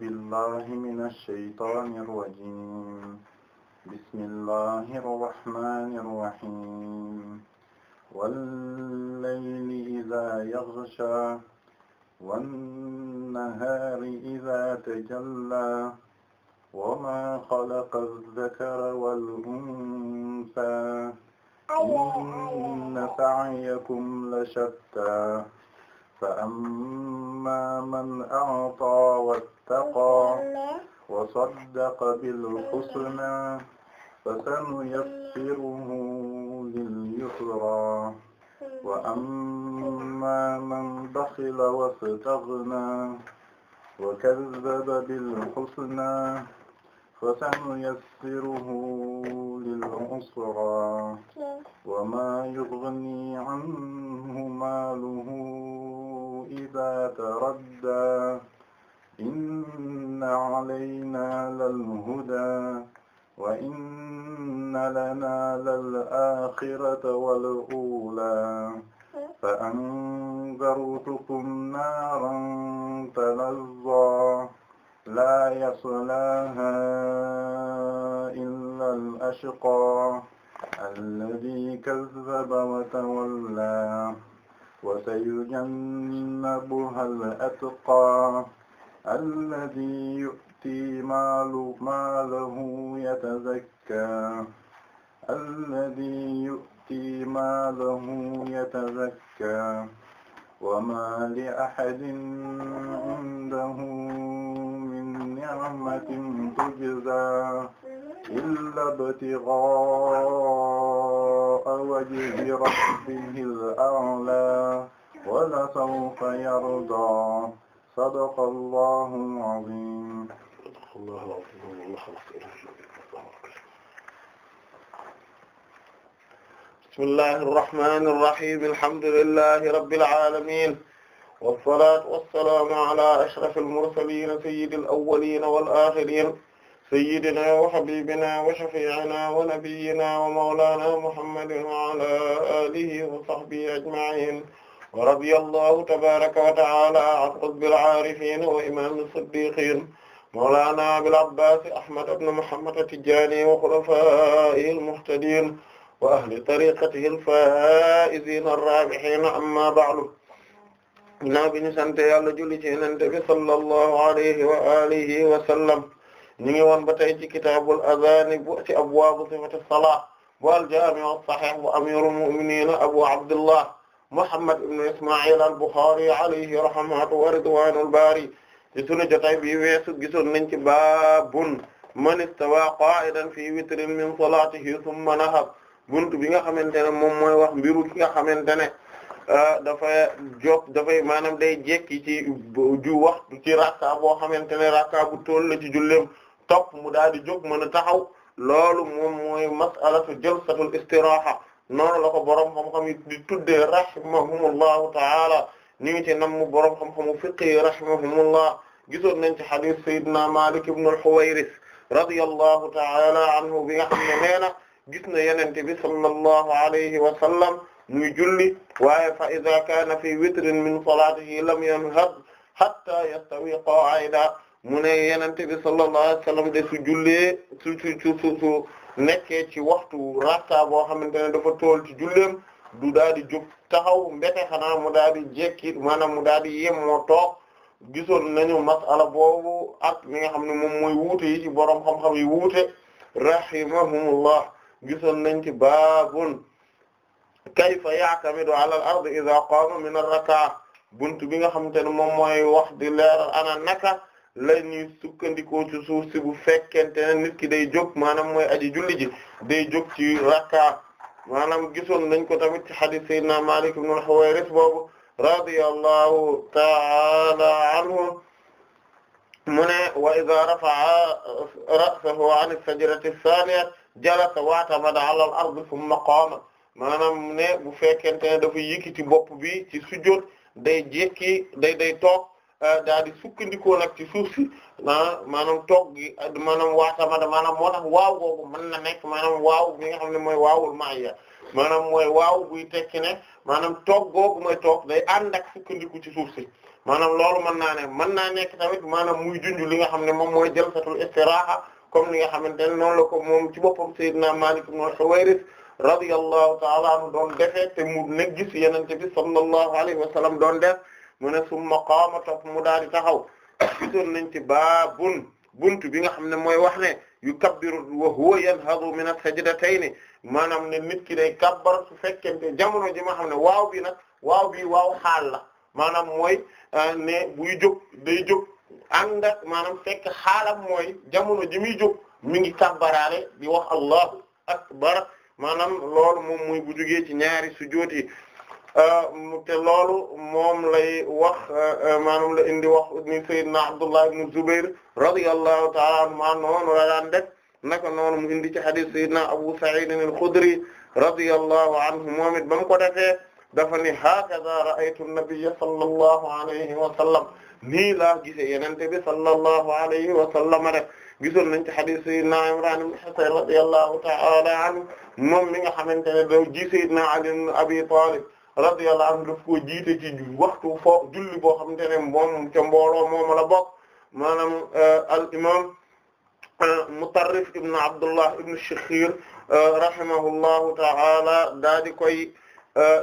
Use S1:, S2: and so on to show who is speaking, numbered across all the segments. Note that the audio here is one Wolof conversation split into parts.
S1: بالله من الشيطان الرجيم بسم الله الرحمن الرحيم والليل إذا يغشى والنهار إذا تجلى وما خلق الذكر والأنثى إن سعيكم لشتى فأما من أعطى واتقى wattaqaa wa saddaqa bil husnaa fasanuyassiruhu lil yusraa wa ammaa man baxila wastagnaa wa kazzaba bil husnaa fasanuyassiruhu lil usraa wa maa yugnii anhu maaluhu izaa taraddaa إن علينا للهدى وإن لنا للآخرة والأولى فأنذرتكم نارا تلظى لا يصلاها إلا الأشقى الذي كذب وتولى وسيجنبها الأتقى الذي يؤتي ماله ماله يتزكى الذي يؤتي ماله يتزكى وما لأحد عنده من نعمة تجزى إلا ابتغاء وجه ربه الأعلى ولسوف يرضى sadaqallahul aziim
S2: bismillahi irrahmani irrahim alhamdulillahi rabbil aalamiin wassalaatu wassalaamu alaa ashrafil mursaliin sayyidil awwaliin wal aaxiriin sayyidinaa wa habiibinaa wa shafii'inaa wa nabiyyinaa wa mawlaanaa muhammadin wa alaa aalihi wa sahbihi ajma'iin radiyallahu tabaraka wa ta'ala an qutbil aarifin wa imam as-siddiqin mawlana abil abbas ahmad ibn muhammad at-tijani wa khulafa'ihi al-muhtadin wa ahli tariqatihi al-fa'izin ar-rabihin amma ba'du ginnaaw bi ñu sant yàlla julli ci Yonent bi sallallahu alayhi wa alihi wa sallam ñu ngi woon ba tey ci kitaabul azaan bu ci abwaabu sifati salaat bu al-jaami' as-sahih bu amirul mu'minin abu abdullah Muhammad ibn Isma'il al-Bukhari alayhi rahmatu wa ridwanul bari ci sunu jotaay bi weesu gisoon nañ ci baabun man waa qa'idan fi witrin min salatihi thumma nahab bunt bi nga xamante ne moom mooy wax mbiru ki nga xamante ne euh, dafay jóg dafay maanaam day jekki ci ju waxtu ci rakka boo xamante ne rakka bu toll la ci julleem top mu daal di jóg mën a taxaw loolu moom mooy mas'alatu jalsatul istiraha noonu la ko borom xam-xam yi di tuddee rahimahumullahu ta'ala ñu ngi ci namm borom xam-xamu fiqh yi rahimahumullah gisoon nañ ci hadith Seydina Malik ibn al-Huwayrith radiyallahu ta'ala anhu bi nga xam ne nee na gis na yonent bi sallallahu alayhi wa sallam muy julli waaye fa idha kana fi witrin min salatihi lam yanhad hatta yastawi qa'ida mu ne yonent bi sallallahu alayhi wa sallam de su jullee su su su su nekkee ci waxtu rakka boo xamante ne dafa tool ci julleem du daal di jóg taxaw mbete xanaa mu daal di jekki maanaam mu daal di yem moo toog gisoon nañu masala boobu ak mi nga xam ne moom mooy wuute yi ci boroom xam-xam yi wuute rahimahumullah gisoon nañ ci baabun kayfa ya'tamidu ala al-ard idha min ar-rak'a bunt bi nga xamante ne moom mooy wax leeral ana naka la ñuy sukkandikoo ci suuf si bu fekkente ne nit ki day jóg maanaam mooy aji julli ji day jóg ci rakka maanaam gisoon nañ ko tamit ci hadith Seydina Malik ibn al-Huwayris boobu radiyallahu ta'ala anhu mu ne wa idha rafa'a 'an as-sajdati ath-thaniya jalasa wa'tamada 'ala ardi thumma qaama maanaam ne bu fekkente ne dafa yëkkati bopp bi ci sujjóot day jékki day day toog Euh, daa di sukkandikoo nag ci suuf si ah maanaam toog gi ah, maanaam waatamada maanaam moo tax waaw mën na nekk maanaam waaw bi nga xam ne mooy waawul maaya maanaam mooy waaw buy tekki ne maanaam toog googu mooy toog day ànd ak sukkandiku ci suuf si maanaam loolu mën naa ne mën naa nekk tamit maanaam muy junj li nga xam ne moom mooy jalsatul istiraha comme li nga xam ne noonu la ko moom ci boppam Seydina Malik ibn Huwayris radiyallahu ta'ala anhu doon defee te mu nekk gis yenente bi sallallahu alayhi wa sallam doon def mu ne summa qaama topp mu daal di taxaw nañ ci baabun buntu bi nga xam ne mooy wax ne yukabbiru wa huwa yanhadu min as-sajdatayn maanaam ne nit ki day kabbar su fekkente jamono ji ma xam ne waaw bi nag waaw bi waaw xaal la maanaam mooy euh, ne buy jóg day jóg ànd ak maanaam fekk xaalam mooy jamono ji muy jóg mi ngi kabbaraale bi wax allahu akbar maanaam loolu moom muy bu jógee ci ñaari sujoot yi Euh, te loolu moom lay wax euh, maanaam la indi wax ni Seydina Abdullah ibn Zubair radiyallahu ta'ala anhuma noonu la daan def naka noonu mu indi ci hadith Seydina Abu Sa'id al-Khudri radiyallahu anhu moom it ba mu ko defee dafa ni hakaza ra'aytu an-nabiyya sallallahu alayhi wa sallam nii laa gisee yenente bi sallallahu alayhi wa sallam rek gisoon nañ ci hadith Seydina Imran ibn Husayn radiyallahu ta'ala anhu moom mi nga xamante ne daw ji Seydina Ali ibn Abi Talib radiyallahu anhu daf koo jiite ci waxtu foo julli boo xamante ne moom ca mbooloo moom la bokk maanaam euh, al imam euh, Mutarrif ibn Abdullah ibn Shikhkhir euh, rahimahullahu ta'ala daa di koy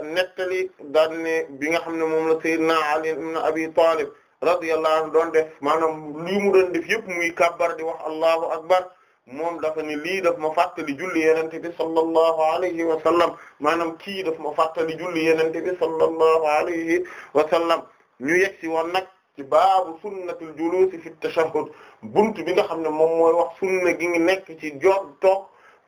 S2: nettali daan ne bi nga xam ne moom la Sayyidina Ali ibn Abi Talib radiyallahu anhu doon def maanaam lii mu doon def yëpp muy kabbar di wax Allahu akbar moom dafa ni lii daf ma fàttali julli yenente bi sallallahu alayhi wa sallam maanaam kii daf ma fàttali julli yenente bi sallallahu alayhi wa sallam ñu ci si woon nag ci baabu sunnatul julusi fi tashahhud bunt bi nga xam ne moom mooy wax sunna gi ngi nekk ci jot toog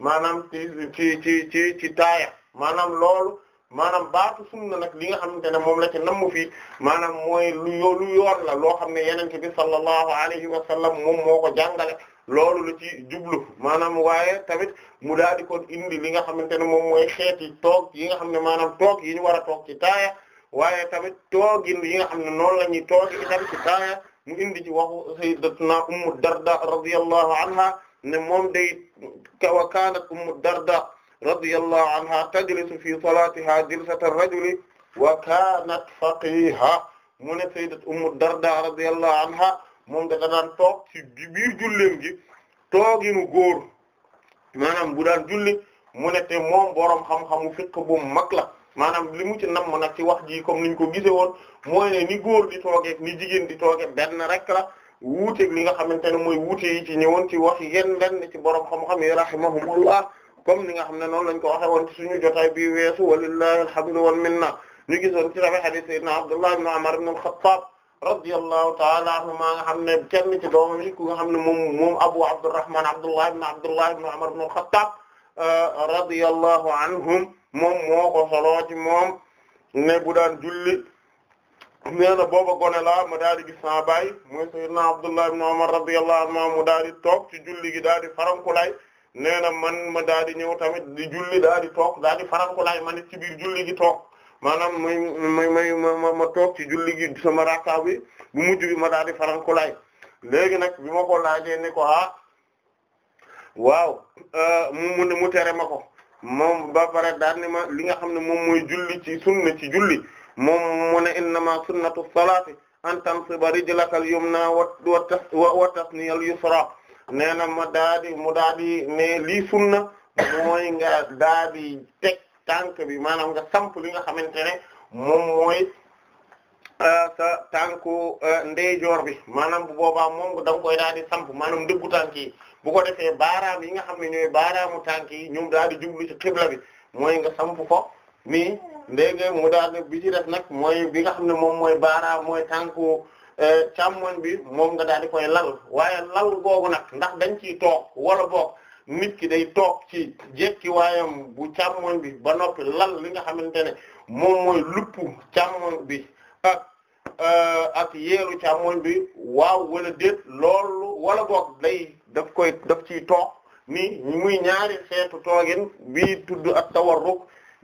S2: maanaam ci ci ci ci ci taaya maanaam loolu maanaam baatu sunna nag li nga xamante ne moom la ci namm fii maanaam mooy lu yo la loo xam ne yenente bi sallallahu alayhi wa moom moo ko jàngale loolu la ci jublu maanaam waaye tamit mu daal di ko indi li nga xamante ne moom mooy xeeti toog yi nga xam ne maanaam toog yi ñu war a toog ci taaya waaye tamit toogin yi nga xam ne noonu la ñuy toogi itam ci taaya mu indi ci waxu sayyidatuna ummu darda radiyallahu anha ne moom day wa kaanat ummu darda radiyallahu anha tajlisu fi salatiha jilsata rajuli wa kaanat faqiha mu ne sayyidat ummu darda radiyallahu anha moom dafa daan toog ci biir julleem gi tooginu góor maanaam bu daan julli mu ne te moom boroom xam-xamu fiqh bu mag la maanaam li mu ci nam nag ci wax ji comme niñ ko gisee woon mooy ni góor di toogeeg ni jigéen di tooge benn rek la wuuteeg li nga xamante ne mooy wuute yi ci ñëwoon ci wax yenn lenn ci borom xam-xam yi rahimahumullah comme ni nga xam ne noonu lañ ko waxee woon ci suñu jotaay bi weesu walillahi alhamdu wal minna ñu gisoon ci rafet hadith sayyidina Abdullah ibn Umar ibn al radiyallahu ta'ala anhuma ne kenn ci doomam ku nga ne moom Abu Abdurrahman Abdullah ibn Abdullah ibn Umar ibn al-Khattab euh, radiyallahu anhum moom moo ko solo ci moom ne bu daan julli nee na booba gone la ma daal di gis sama baay mooy sayyidna Abdullah ibn Umar mu daal di toog ci julli gi daal di farankulay ne na man ma daal di ñëw tamit di julli daal di toog farankulay man ci julli gi toog maanaam may may may ma ma toog ci julli gi sama rakka bi bu mujj bi ma daal di farankulaay léegi nag bi ma ko laajee ni ko ah waaw euh, mu mu mu tere ma ko moom ba pare daal ni ma li nga xam ne moom mooy julli ci sunna ci julli moom mu ne innama sunnatu salaati an tansiba rijlakal nee na ma daal di mu lii sunna mooy nga daal di tànk bi maanaam nga sampu li nga xamante ne moom mooy euh, sa tànku euh, ndeyjoor bi maanaam bu boobaa moom da nga koy daal di samp maanaam ndëggu tànk yi bu ko defee baaraam yi nga xam ne ñooy baaraamu tànk yi ñoom daal di jublu ci xibla bi mooy nga samp ko mi ndéeg mu daal bi ci def nag mooy bi nga xam ne moom mooy baaraam mooy tànku euh, càmmoñ bi moom nga daal di koy lal waaye lal googu nag ndax dañ ciy toog wala boog nit ki day toog ci jekki waayam bu càmmoñ bi ba noppi lal li nga xamante ne moom mooy luppu càmmoñ bi ak euh, ak yeelu càmmoñ bi waaw wala déet loolu wala boog day daf koy daf ciy toog ni muy ñaari xeetu toogin bii tudd ak tawarruk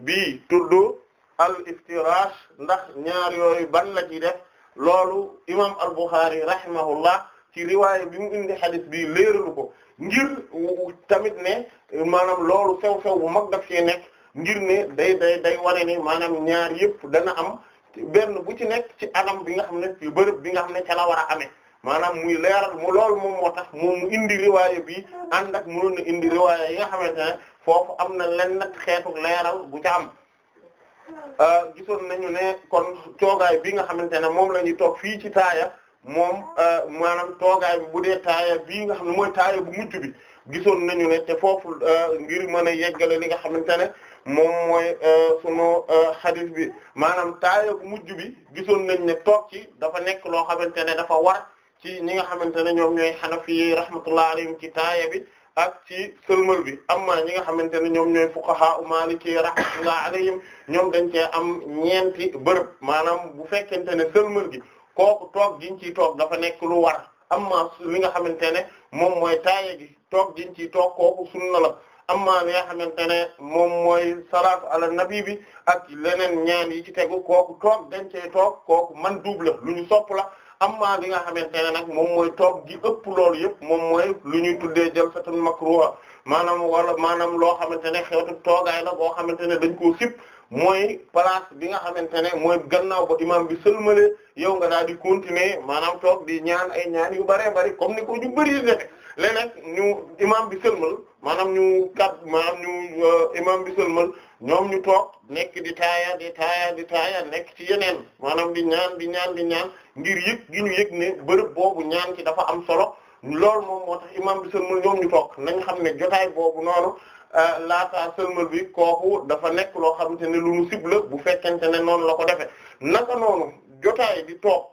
S2: bi tudd al iftiraash ndax ñaar yooyu ban la ci def loolu imam al Bukhari rahimahullah ci riwaaya bi mu indi xadis bi leeralu ko ngir tamit ne maanaam loolu sew-sew bu mag daf ci nekk ngir ne day day day wane ne maanaam ñaar yëpp dana am benn bu ci nekk ci anam bi nga xam ne ci bërëb bi nga xam ne ca la war maanaam muy leeral mu loolu moom moo tax mu indi riwaaya bi ànd ak mënoon na indi riwaaya yi nga xamante ne foofu am na len nag xeetu leeral bu ca am euh, gisoon nañu ne kon coogaay bi nga xamante ne moom la ñuy toog fii ci taaya moom euh, maanaam toogaay bi bu dee taaya bii nga xam ne mooy taaya bu mujj bi gisoon nañu ne te foofu euh, ngir mën a yeggale li nga xamante ne moom mooy euh, sunu hadith bi maanaam taaya bu mujj bi gisoon nañ ne toog ci dafa nekk loo xamante ne dafa war ci ñi nga xamante ne ñoom ñooy xanafi rahmatullah alayhim ci taaya bi ak ci sëlmal bi amma ñi nga xamante ne ñoom ñooy ci maliki rahmatullah alayhim ñoom dañ cee am ñeenti bërëb maanaam bu fekkente ne sëlmal gi kooku toog giñ ciy toog dafa nekk lu war amma li nga xamante ne moom mooy taaye gi toog giñ ciy toog kooku sunna la amma li nga xamante ne moom mooy salaatu ala nabi bi ak leneen ñaan yi ci tegu kooku toog dañ cee toog kooku man double lu ñu sopp la amma li nga xamante ne nag moom mooy toog gi ëpp loolu yëpp moom mooy lu ñuy tuddee jalsatun makruha maanaam wala maanaam loo xamante ne xeetu toogaay la boo xamante ne dañ koo sip mooy place bi nga xamante ne mooy gannaaw ba imam bi sëlmale yow nga daal di continuer maanaam toog di ñaan ay ñaan yu bëree bëri comme ni ko ñu bëri defe léeg ñu imam bi sëlmal maanaam ñu kat maanaam ñu euh, imam bi sëlmal ñoom ñu toog nekk di taaya di taaya di taaya nekk ci yeneen maanaam di ñaan di ñaan di ñaan ngir yëg gi ñu yëg ne bërëb boobu ñaan ci dafa am solo loolu moom moo tax imam bi sëlmal ñoom ñu toog nañ xam ne jotaay boobu noonu euh, laataa sëlmal bi kooku dafa nekk loo xamante ne lu mu cible bu fekkente ne noonu la ko defee naka noonu jotaay di toog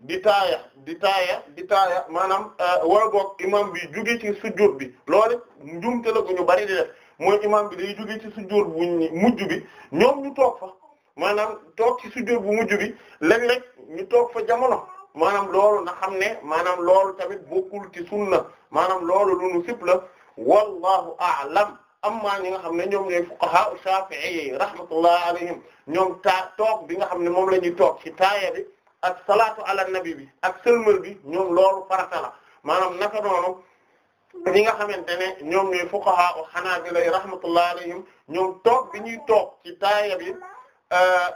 S2: di taaya di taaya di taaya maanaam euh, wala boog imam bi jóge ci sujjóot bi loolu njumte la ko ñu bari di def mooy imam bi day jóge ci sujjóot bu mujj bi ñoom ñu toog fa maanaam toog ci sujjóot bu mujj bi léeg-léeg ñu toog fa jamono maanaam loolu na xam ne maanaam loolu tamit bokkul ci sunna maanaam loolu lu nu sib la wallahu a'lam amma ñi nga xam ne ñoom ñooy fuqaha shafi'i rahmatullah alayhim ñoom taa toog bi nga xam ne moom la ñuy toog ci taaya ak salaatu ala bi ak sëlmal bi ñoom loolu farata la maanaam naka noonu ñi nga xamante ne ñoom ñooy fuqaha hanabila rahmatullah alayhim ñoom toog bi ñuy toog ci taaya bi euh,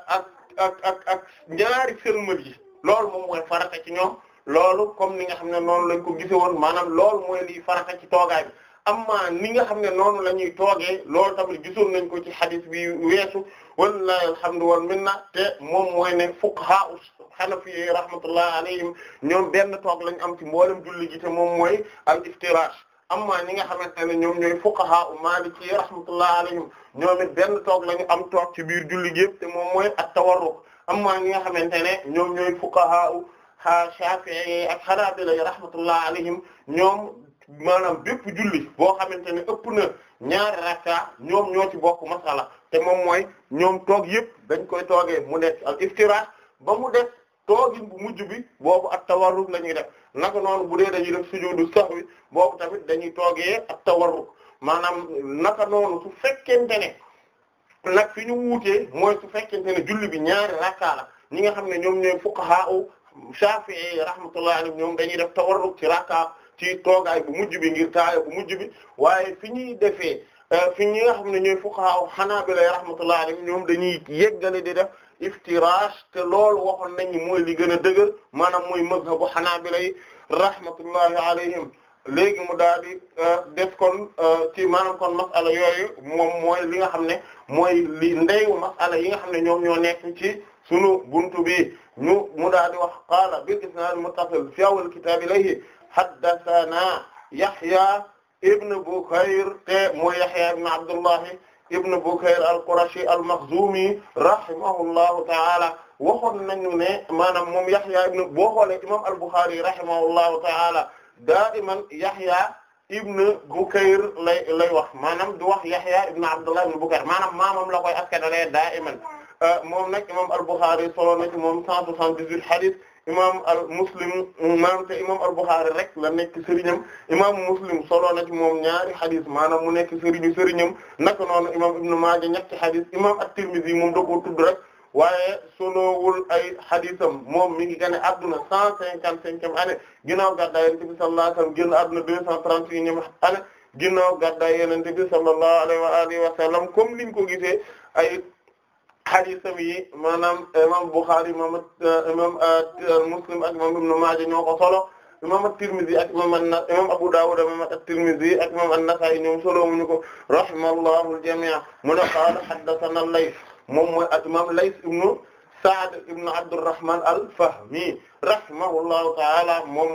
S2: ak ak ñaari sëlmal yi loolu moom mooy farata ci ñoom loolu comme ni nga xam ne noonu lañ ko gise woon maanaam loolu mooy liy farata ci toogaay bi amma ni nga xam ne noonu la ñuy toogee loolu tamit gisoon nañ ko ci hadith bi weesu wallahi alhamdu wal minna te moom mooy ne fuqaha hanafi rahmatullah alayhim ñoom benn toog lañ am ci mboolem julli gi te moom mooy al iftirash amma ñi nga xamante ne ñoom ñooy fuqaha maliki rahmatullah alayhim ñoom it benn toog la ñu am toog ci biir julli gi te moom mooy at tawarruk amma ñi nga xamante ne ñoom ñooy fuqaha ha Shafi'i ak Hanabila rahmatullah alayhim ñoom maanaam bépp julli boo xamante ne ëpp na ñaari rakka ñoom ñoo ci bokk masala te moom mooy ñoom toog yëpp dañ koy toogee mu nekk al iftirah ba mu def toogin bu mujj bi boobu ak tawarruk la ñuy def naka noonu bu dee dañuy def sujudu sahwi boobu tamit dañuy toogee ak tawarruk maanaam naka noonu su fekkente ne nag fi ñu wuutee mooy su fekkente ne julli bi ñaari rakkaa la ñi nga xam ne ñoom ñooy fuqaha u Shafi'i rahmatullahi alayhim ñoom dañuy def tawarruk ci rakkaa ci toogaay bu mujj bi ngir taaya bu mujj bi waaye fi ñuy defee euh, fi ñi nga xam ne ñooy fuqaha Hanabila rahmatullahi alayhim ñoom dañuy yeggale di def iftirash te loolu waxoon nañu mooy li gën a dëgër maanaam mooy mazhabu Hanabila rahmatullahi alayhim léegi mu daal di euh, des kon ci euh, maanaam kon masala yooyu moom mooy li nga xam ne mooy li ndeyu masala yi nga xam ne ñoom ñoo nekk ci sunu buntu bi ñu mu daal di wax qaala bil isnaad muttasil fi awwal kitaab ilayhi haddathana Yahya ibn Bukayr te mooy Yahya ibn Abdullahi ibn Bukayr al-Qurashi al-Makhzumi rahimahullahu ta'ala waxoon nañu ne maanaam moom Yahya ibn boo xoolee imam al-Bukhari rahimahullahu ta'ala daiman Yahya ibn Bukayr lay lay wax maanaam du wax Yahya ibn Abdullah ibn Bukayr maanaam maamam la koy askanalee daiman euh, moom nag imam al-Bukhari solo na ci moom 178 hadith imam al Muslim maanaam te imam al-Bukhari rek la nekk sëriñam imam Muslim solo na ci moom ñaari hadith maanaam mu nekk sëriñu sëriñam naka noonu imam Ibn Maaja ñetti hadith imam at-Tirmidhi moom da koo tudd rek. waaye soloowul ay hadisam moom mi ngi gane adduna cent cinquante cinquième année ginnaaw gàddaay yonent bi sallallahu alayhi wa sallam génn adduna deux cent trente-unième année ginnaaw gàddaay yonent bi sallallahu alayhi wa alihi wa sallam comme liñ ko gisee ay hadisam yi maanaam imam Bukhari imam imam uh, Muslim ak imam Ibn Maaja ñoo ko solo imam at-Tirmidhi ak imam Abu Dawud imam at-Tirmidhi ak imam an-Nasa'i ñoom solo muñu ko rahimallahu al mu ne qaala haddathana al moom mooy al imam Lays ibnu Sa'd ibnu Abdurrahman al-Fahmi rahimahullahu ta'ala moom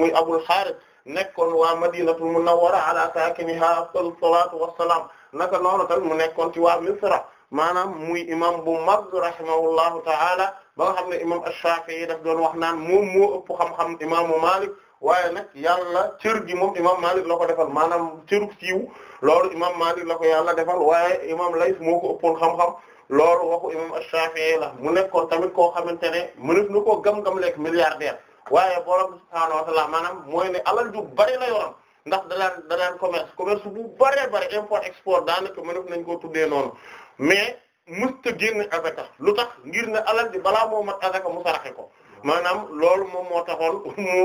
S2: muy Abul Harith nekkoon waa Madinatul Munawwara ala sakiniha afdalu salaatu wassalaam naka noonu tamit mu nekkoon ci waa Misra maanaam muy imam bu mag rahimahullahu ta'ala ba nga xam ne imam Ash-Shafi'i daf doon wax naan moom moo ëpp xam-xam imaamu Malik waaye nag yàlla cër gi moom imam Malik la ko defal maanaam cëru siiw loolu imam Malik la ko yàlla defal waaye imam Layth moo ko ëppoon xam-xam loolu waxu imam Ash-Shafi'i la mu nekkoon tamit koo xamante ne mënef na koo gam-gam lekk milliardaire waaye borom subhaanahu wa ta'ala maanaam mooy ne alal ju bari la yoroon ndax danaan danaan commerce commerce bu bëree bëri import export daanaka mënef nañ koo tuddee noonu mais mësta génn azaka lu tax ngir ne alal di balaa moo mat azaka mu saraxe ko maanaam loolu moom moo taxoon mu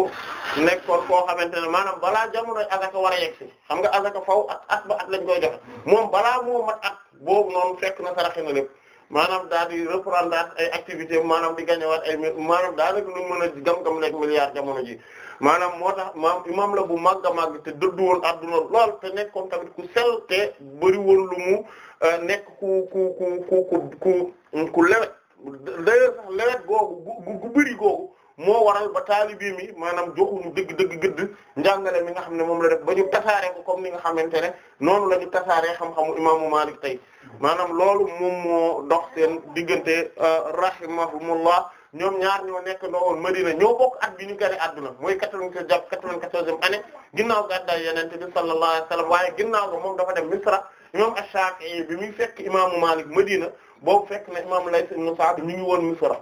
S2: nekkoon koo xamante ne maanaam balaa jamono azaka war a yegg si xam nga azaka faw at at ba at lañ koy joxe moom balaa moo mat at boobu noonu fekk na saraxe na lépp maanaam daal di reprendre ay activités maanaam di gañewaat ay maanaam daa rek lu mën a gam-gam nekk milliard jamono ji maanaam moo tax maam imam la bu màgg a màgg te dëddu woon adduna lool te nekkoon tamit ku sell te bëri woon lu mu euh, nekk ku ku ku ku ku d'ailleurs sax lewet googu gu bëri googu moo waral ba taalibi mi maanaam joxuñu dëgg dëgg gëdd njàngale mi nga xam ne moom la def ba ñu tasaare ko comme ni nga xamante ne noonu la ñu tasaaree xam-xamu imaamu Maalik tey maanaam loolu moom moo dox seen diggante euh, rahimahumullah ñoom ñaar ñoo nekk ndoowoon Madina ñoo bokk at ñu gane àdduna mooy quatre-vingt-quatorze jàpp quatre-vingt-quatorzième année ginnaaw gàddaay Yonent bi sallallahu alayhi wasallam waaye ginnaaw ga moom dafa dem Misra imam Ash-Shafi'i bi muy fekk imaamu Malik Madina boobu fekk na imam Layth ibn Sa'd mi ngi woon Misra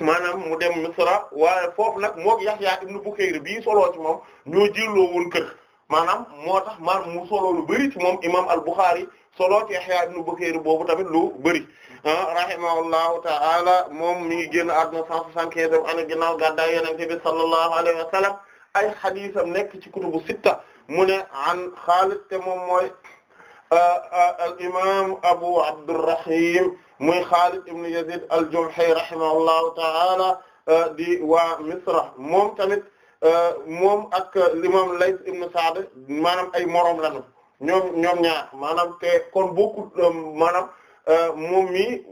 S2: maanaam mu dem Misra waaye foofu nag moog Yahya ibn Bukayr bi soloo ci moom ñoo jëlloo kër maanaam moo tax maanaam mu solo lu bëri ci moom imam Al-Bukhari solo ci Yahya ibn Bukayr boobu tamit lu bëri ah, rahimahullahu ta'ala moom mi ngi génn àdduna cent soixante-quinzième année ginnaaw gàddaay Yonent bi sallallahu alayhi wa sallam ay hadisam nekk ci kutubu sitta mu ne an Xaalid moom mooy al imam Abu Abdurrahim muy Xaalid ibn Yazid al-Jumahi rahimahullahu ta'ala di waa Misra moom tamit moom ak l'imam Layth ibn Sa'd maanaam ay moroom lañu ñoom ñoom ñaar maanaam te kon bokkut um, maanaam moom mi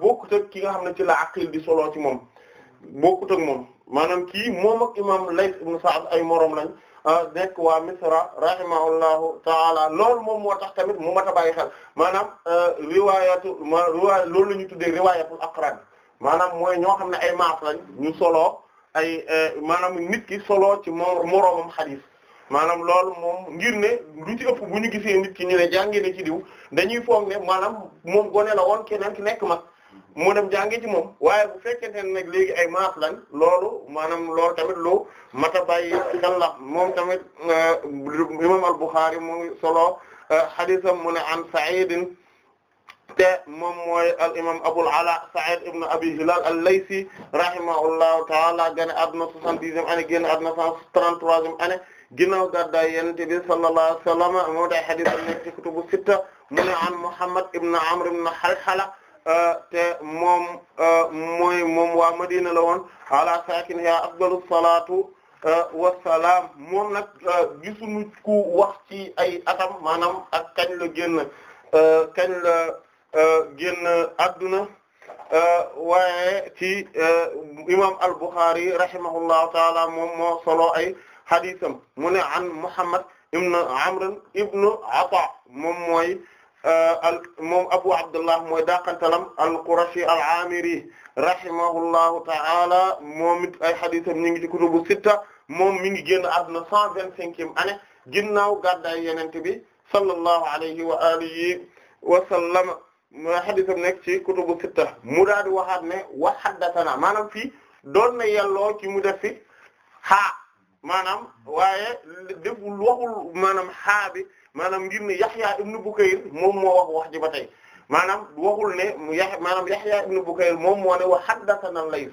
S2: bokkut ak ki nga xam ne ci la aqil di solo ci moom bokkut ak moom maanaam kii moom ak imam Layth ibn Sa'd ay moroom lañ Ah, nekk waa misra rahimahullahu taala loolu moom moo tax tamit mu mat a bàyyi xel maanaam euh, riwaayatu ma riwaay loolu la ñu tuddee riwaayatul aqrab maanaam mooy ñoo xam ne ay maaf lañ ñu soloo ay euh, maanaam nit ki soloo ci moroomam xadiis maanaam lool moom ngir ne lu ci ëpp bu ñu gisee nit ki ñu ne jàngee ne ci diw dañuy foog ne maanaam moom gone la woon kenaan ki nekk mag mu dem jàngi ci moom waaye bu fekkente ne nag léegi ay maas lañ loolu maanaam loolu tamit lu ma a bàyyi xel moom tamit euh, imam al-Bukhari mu ngi solo hadisam euh, mu ne an Sa'id te moom mooy al imam Abul Ala Sa'id ibn Abi Hilal al-Laysi rahimahullahu ta'ala gane àdduna 70e année génn àdduna 133e année ginnaaw gàddaay Yonent bi sallallahu alayhi an Muhammad ibn Amr ibn Halhala Euh, te moom euh, mooy moom waa Madina la woon ala sakin ya afdalu salatu euh, wasalaam moom nag gisuñu ku wax ci ay atam maanaam ak kañ la génn kañ la génn adduna waaye ci imam al-Bukhari rahimahullahu taala moom moo solo ay hadisam mu ne an Muhammad ibn Amr ibn Ata moom mooy Euh, moom Abu Abdullah mooy daqantalam al-Qurashi al-Amiri rahimahullahu ta'ala moom it ay haditham ñu ngi ci kutubu sitta moom mi ngi génn àdduna cent vingt-cinquième année ginnaaw gàddaay Yonent bi sallallahu alayhi wa alihi wa sallam haditham nekk ci kutubu mu daal di waxaat ne wa haddathana maanaam fii doon na yelloo ci mu def fi haa maanaam waaye deful waxul maanaam haa bi maanaam ngir ne Yahya ibn Bukayr moom moo wax wax ji ba tey maanaam waxul ne mu Yahya maanaam Yahya ibn Bukayr moom moo ne wa haddathana Layth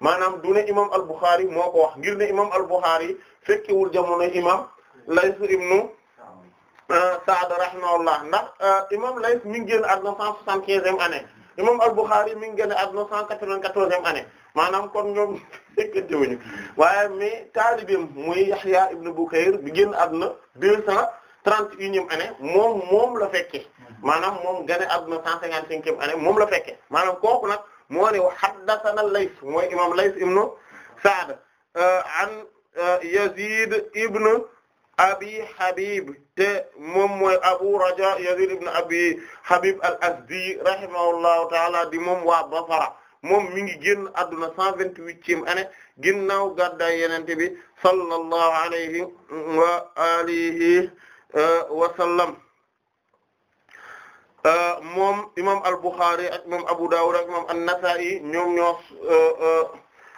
S2: maanaam du ne imam al-Bukhari moo ko wax ngir ne imam al-Bukhari fekkiwul jamono imam Layth ibn euh, Sa'd rahimahullah ndax euh, imam Layth mi ngi génn àdduna cent soixante-quinzième année imam al-Bukhari mi ngi génn àdduna cent quatre-vingt-quatorzième année maanaam kon ñoom fekkante wuñu waaye mais taalibeem muy Yahya ibn Bukayr bi génn àdduna deux cents trente et unième moom la fekke maanaam moom gane adduna cent cinquante ane moom la fekke maana kooku nag moo ne haddathana Layth mooy imam Layth ibnu Sa'd euh, an euh, Yazid ibn Abi Habib te moom mooy Abu Raja Yazid ibn Abi Habib al-Azdi rahimahullahu ta'ala di moom waa Basra moom mi ngi génn adduna cent vingt-huitième année ginnaaw gàddaay Yonent bi sallallahu alayhi wa Euh, wa sallam euh, moom imam al-Bukhari ak imam Abu Dawud ak imam an-Nasa'i ñoom ñoo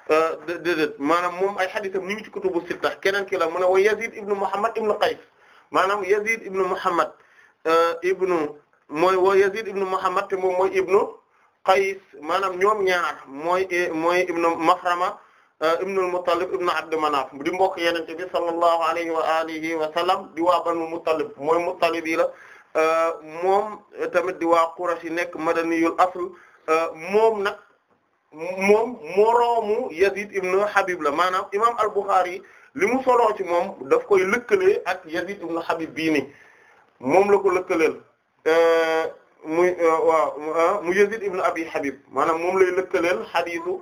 S2: euh, déedéet maanaam moom ay xadisam ñu ngi ci kutubu sitta keneen ki la mu ne wa Muhammad ibnu Qays maanaam Yazid ibnu Muhammad ibnu mooy wa Yazid ibnu Muhammad te moom mooy ibnu Qays maanaam ñoom ñaar mooy mooy ibnu Mahrama Euh, ibnul Muttalib ibnu Abd Manaf di mbokk Yonent bi sallallahu alayhi wa alihi wa sallam di waa Banu Muttalib mooy Muttalib yi la euh, moom tamit di waa Qurashi nekk madaniyul asl euh, moom nag moom moroomu Yazid ibnu Habib la maanaam imaam al-Bukhari li mu soloo ci moom daf koy lëkkalee ak Yazid ibnu Habib bii nii moom la ko lëkkaleel muy waaw mu Yazid ibnu Abi Habib maanaam moom lay lëkkaleel hadiisu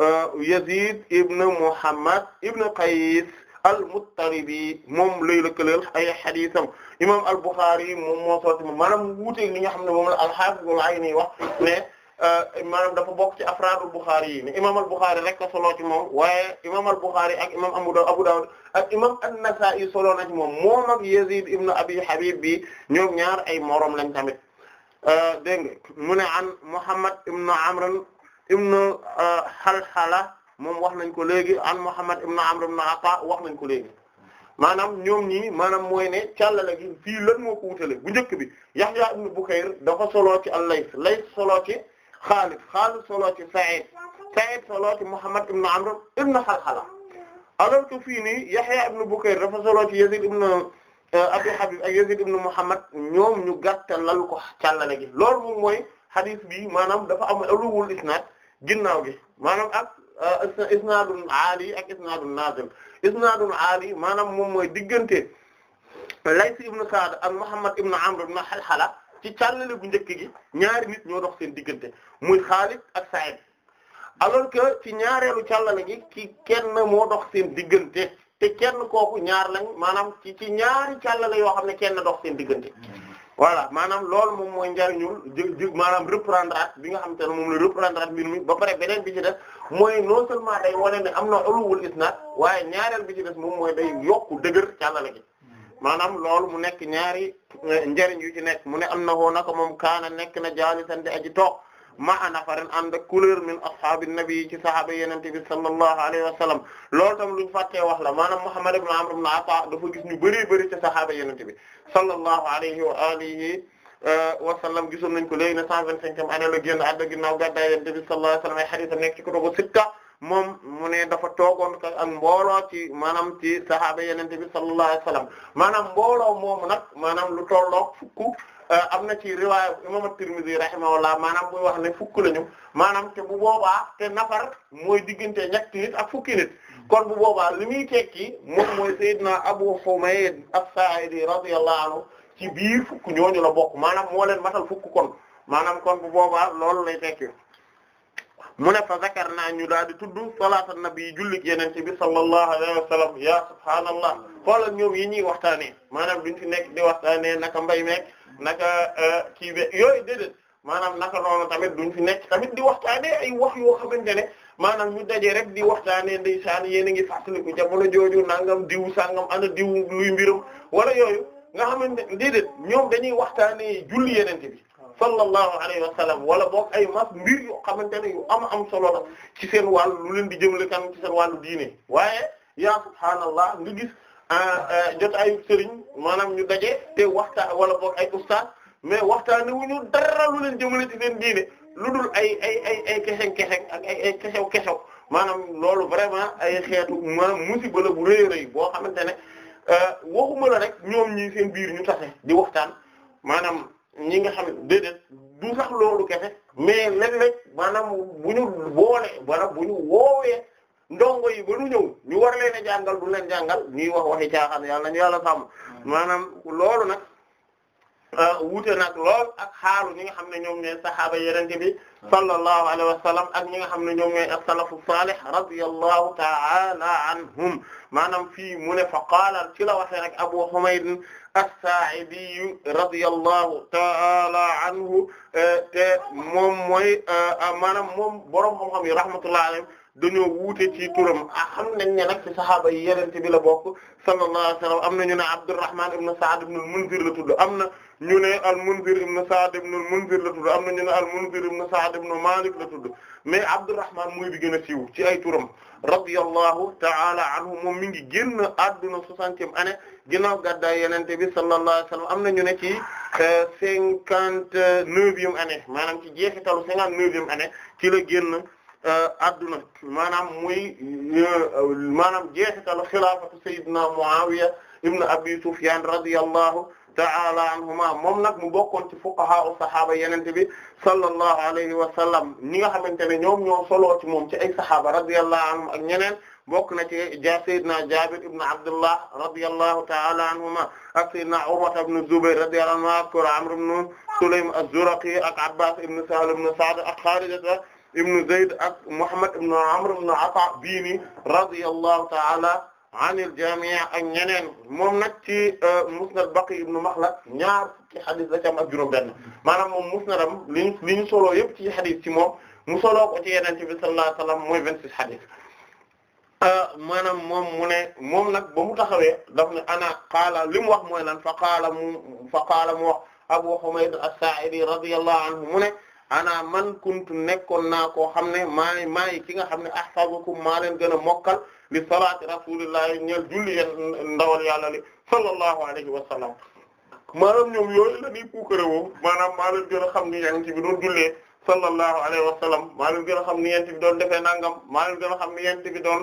S2: Euh, Yazid ibn Muhammad ibn Qays al-Muttaribi moom lay lëkkaleel ay xadiisam imaam al-Bukhari moom moo sotti moom maanaam wuuteeg li nga xam ne moom la al-Hafiz al-Ayni wax ne euh, maanaam dafa bokk ci afraadul Bukhari yi ne imaam al-Bukhari rek a solo ci moom waaye imaam al-Bukhari ak imaam Abu Dawud ak imaam an-Nasa'i solo na ci moom moom ak Yazid ibn Abi Habib bi ñoom ñaar ay morom lañ tamit euh, dégg nga mu ne an Muhammad ibn Amr ibn euh, Halhala moom wax nañ ko léegi an Muhammad ibn Amr ibn Ata wax nañ ko léegi maanaam ñoom ñii maanaam mooy ne càllala gi fii lan moo ko wutale bu njëkk bi Yahya ibn Bukayr dafa solo ci al-Layth Layth solo ci Khalid Khalid solo ci Sa'id Sa'id solo ci Muhammad ibn Amr ibn Halhala alors que fii nii Yahya ibn Bukayr dafa euh, ko càllala gi loolu moom mooy xadis bi maanaam dafa am uluwul isnaad ginnaaw gi maanaam ak uh, isnaadul aali ak isnaadul naazil isnaadul aali maanaam moom mooy diggante Layth ibn Sa'd ak Muhammad ibn Amr ibn Halhala ci càllale bu njëkk gi ñaari nit ñoo dox seen diggante muy Xaalid ak Sa'id alors que ci ñaareelu càllale gi ci kenn moo dox seen diggante te kenn kooku ñaar lañ maanaam ci ci ñaari càllale yoo xam ne kenn dox seen diggante mm-hmm. voilà maanaam loolu moom mooy njariñul jë jë maanaam reprendre at bi nga xam te ne moom la reprendre at mbir mi ba pare beneen bi ci des mooy non seulement day wane ne am na uluwul isnaad waaye ñaareel bi ci des moom mooy day yokku dëgër càllale gi maanaam loolu mu nekk ñaari eh, njariñ yu ci nekk mu ne am na woo naka moom kaana nekk na jaalisan di aji toog ma'a nafarin ànd ak couleur min ashaabi nabi ci sahaaba yenente bi sallallahu alayhi wa sallam loolu tam luñ fàttee wax la maanaam Muhammad ibn Amr ibn Ata dafa gis ñu bëri bëri ci sahaaba yenente bi sallallahu alayhi wa alihi uh, wa sallam gisoon nañ ko léegi ne cent vingt cinquième année la génn adda ginnaaw gàddaay yenente bi sallallahu alayhi wa sallam ay hadith nekk ci ko dogo sitta moom mu ne dafa toogoon ka ak mbooloo ci maanaam ci sahaaba yenente bi sallallahu alayhi wa sallam maanaam mbooloo moomu nag maanaam lu tolloog fukk Euh, am na ci riwaaya imam at-Tirmidhi rahimahullah maanaam buy wax ne fukk lañu maanaam te bu boobaa te nafar mooy diggante ñetti nit ak fukki nit kon bu boobaa li muy tekki moom mooy Seydina Abu Humayd as-Sa'idi radiyallahu anhu ci bii fukk ñooñu la bokk maanaam moo matal fukk kon maanaam kon bu boobaa loolu lay tekki mu ne fa zakar naa ñu daal di tudd salaata nabi jullig yeneen ci bi sallallahu alayhi wa ya subhaanallah xoolal ñoom yi ñuy waxtaanee maanaam duñ fi nekk di waxtaanee mbay meek naka euh, kii be yooyu déedéet maanaam naka noonu tamit duñ fi nekk tamit di waxtaanee ay wax yoo xamante ne maanaam ñu dajee rek di waxtaanee ndeysaan yéen a ngi fàttaliku jamono jooju nangam diw sangam ana diw luy mbiram wala yooyu nga xamante ne déedéet ñoom dañuy waxtaanee julli yenente bi sallallahu alayhi wa sallam wala boog ay mas mbir yoo xamante ne yu am am solo la ci seen wàllu lu leen di jëmale kan ci seen wàllu diine waaye yaa subhaanallah nga Ah, ah, jot ay sëriñ maanaam ñu daje te waxtaan wala boog ay ustaas mais waxtaane wu ñu dara lu leen jëmale ci seen diine lu dul ay ay ay ay keseŋ keseŋ ak ay maanaam loolu vraiment ay xeetu maanaam musiba la bu rëy rëy boo xamante ne ah, waxuma la rek ñoom ñi seen biir ñu taxe di waxtaan maanaam ñi nga xam déedéet du sax loolu kese mais léeg-léeg maanaam bu ñu boole maanaam bu ñu woowee ndongo yi ba nu ñëw ñu war leen a jàngal du leen jàngal ñuy wax waxi caaxaan yàlla nañu yàlla sàmm mm. maanaam loolu nag euh, wuute nag lool ak xaalu ñi xam ne ñoom ñooy saxaaba yenente bi mm. sallallahu alayhi wa ak ñi nga xam ne ñoom ñooy as-salafu salih radiyallahu ta'ala anhum maanaam fii mu ne fa qaala ci la waxee rek Abu Humayd as-Sa'idi radiyallahu ta'ala anhu euh, te moom mooy euh, maanaam moom boroom yi rahmatullahi alayhi dañoo wuute ci turam a ah, xam nañ ne nag ci sahaaba yi yenente la bokk sallallahu alayhi am na ñu ne Abdurrahman ibn Sa'd ibn al-Munzir la tudd am na ñu ne al-Munzir ibn Sa'd ibn al-Munzir la tudd am na ñu ne al-Munzir ibn Sa'd ibn Malik la tudd mais Abdurrahman muy bi gën a siiw ci ay turam radiyallahu ta'ala anhu moom mi ngi génn adduna soixantième année ginnaaw gàddaay yenente bi sallallahu alayhi wa sallam am na ñu ne ci euh, cinquante neuvième année maanaam ci jeexitalu cinquante neuvième année ci la génn Euh, adduna maanaam muy euh, maanaam jeexitalu xilaafatu sayyidina Muawiya ibn Abi Sufyan radiyallahu ta'ala anhuma moom nag mu bokkoon ci fuqaha u sahaaba yenente bi sallallahu alayhi wa sallam ñi nga xamante ne ñoom ñoo soloo ci moom ci ay sahaaba radiyallahu anhum ak ñeneen bokk na ci ja sayyidina Jaabir ibn Abdullah radiyallahu ta'ala anhuma ak sayyidina Urwa ibn Zubayr radiyallahu anhuma ak Amr ibn Sulaym az-Zuraqi ak Abbas ibn Sahl ibn Sa'd ak Xaalid ibnu Zayd ak Muhammad ibnu Amr ibnu Ata biini radiyallahu ta'ala anil jamii ak ñeneen moom nag ci euh, musnad Baqi ibnu Makhlad ñaar ci xadis la ci am ak juróom-benn maanaam moom musnadam li ñu li ñu soloo yëpp ci xadis ci moom mu soloo ko ci Yonent bi sallallahu alayhi wa sallam mooy 26 xadis euh, maanaam moom mu ne moom nag ba mu taxawee daf ne ana qaala li mu wax mooy lan fa qaala mu fa qaala mu wax Abu Humayd as-Sa'idi radiyallahu anhu mu ne. ana man kuntu nekkoon naa koo xam ne maay maay ki nga xam ne ahfazukum maa leen gën a mokkal li salaati rasulillahi ñeel julli yeen ndawal yàlla li sallallahu alayhi wa sallam maanaam ñoom yooyu la ñuy puukare woo maanaam maa leen gën a xam ni yonent bi doon jullee sallallahu alayhi wa sallam maa leen gën a xam ni yonent bi doon defee nangam maa leen gën a xam ni yonent bi doon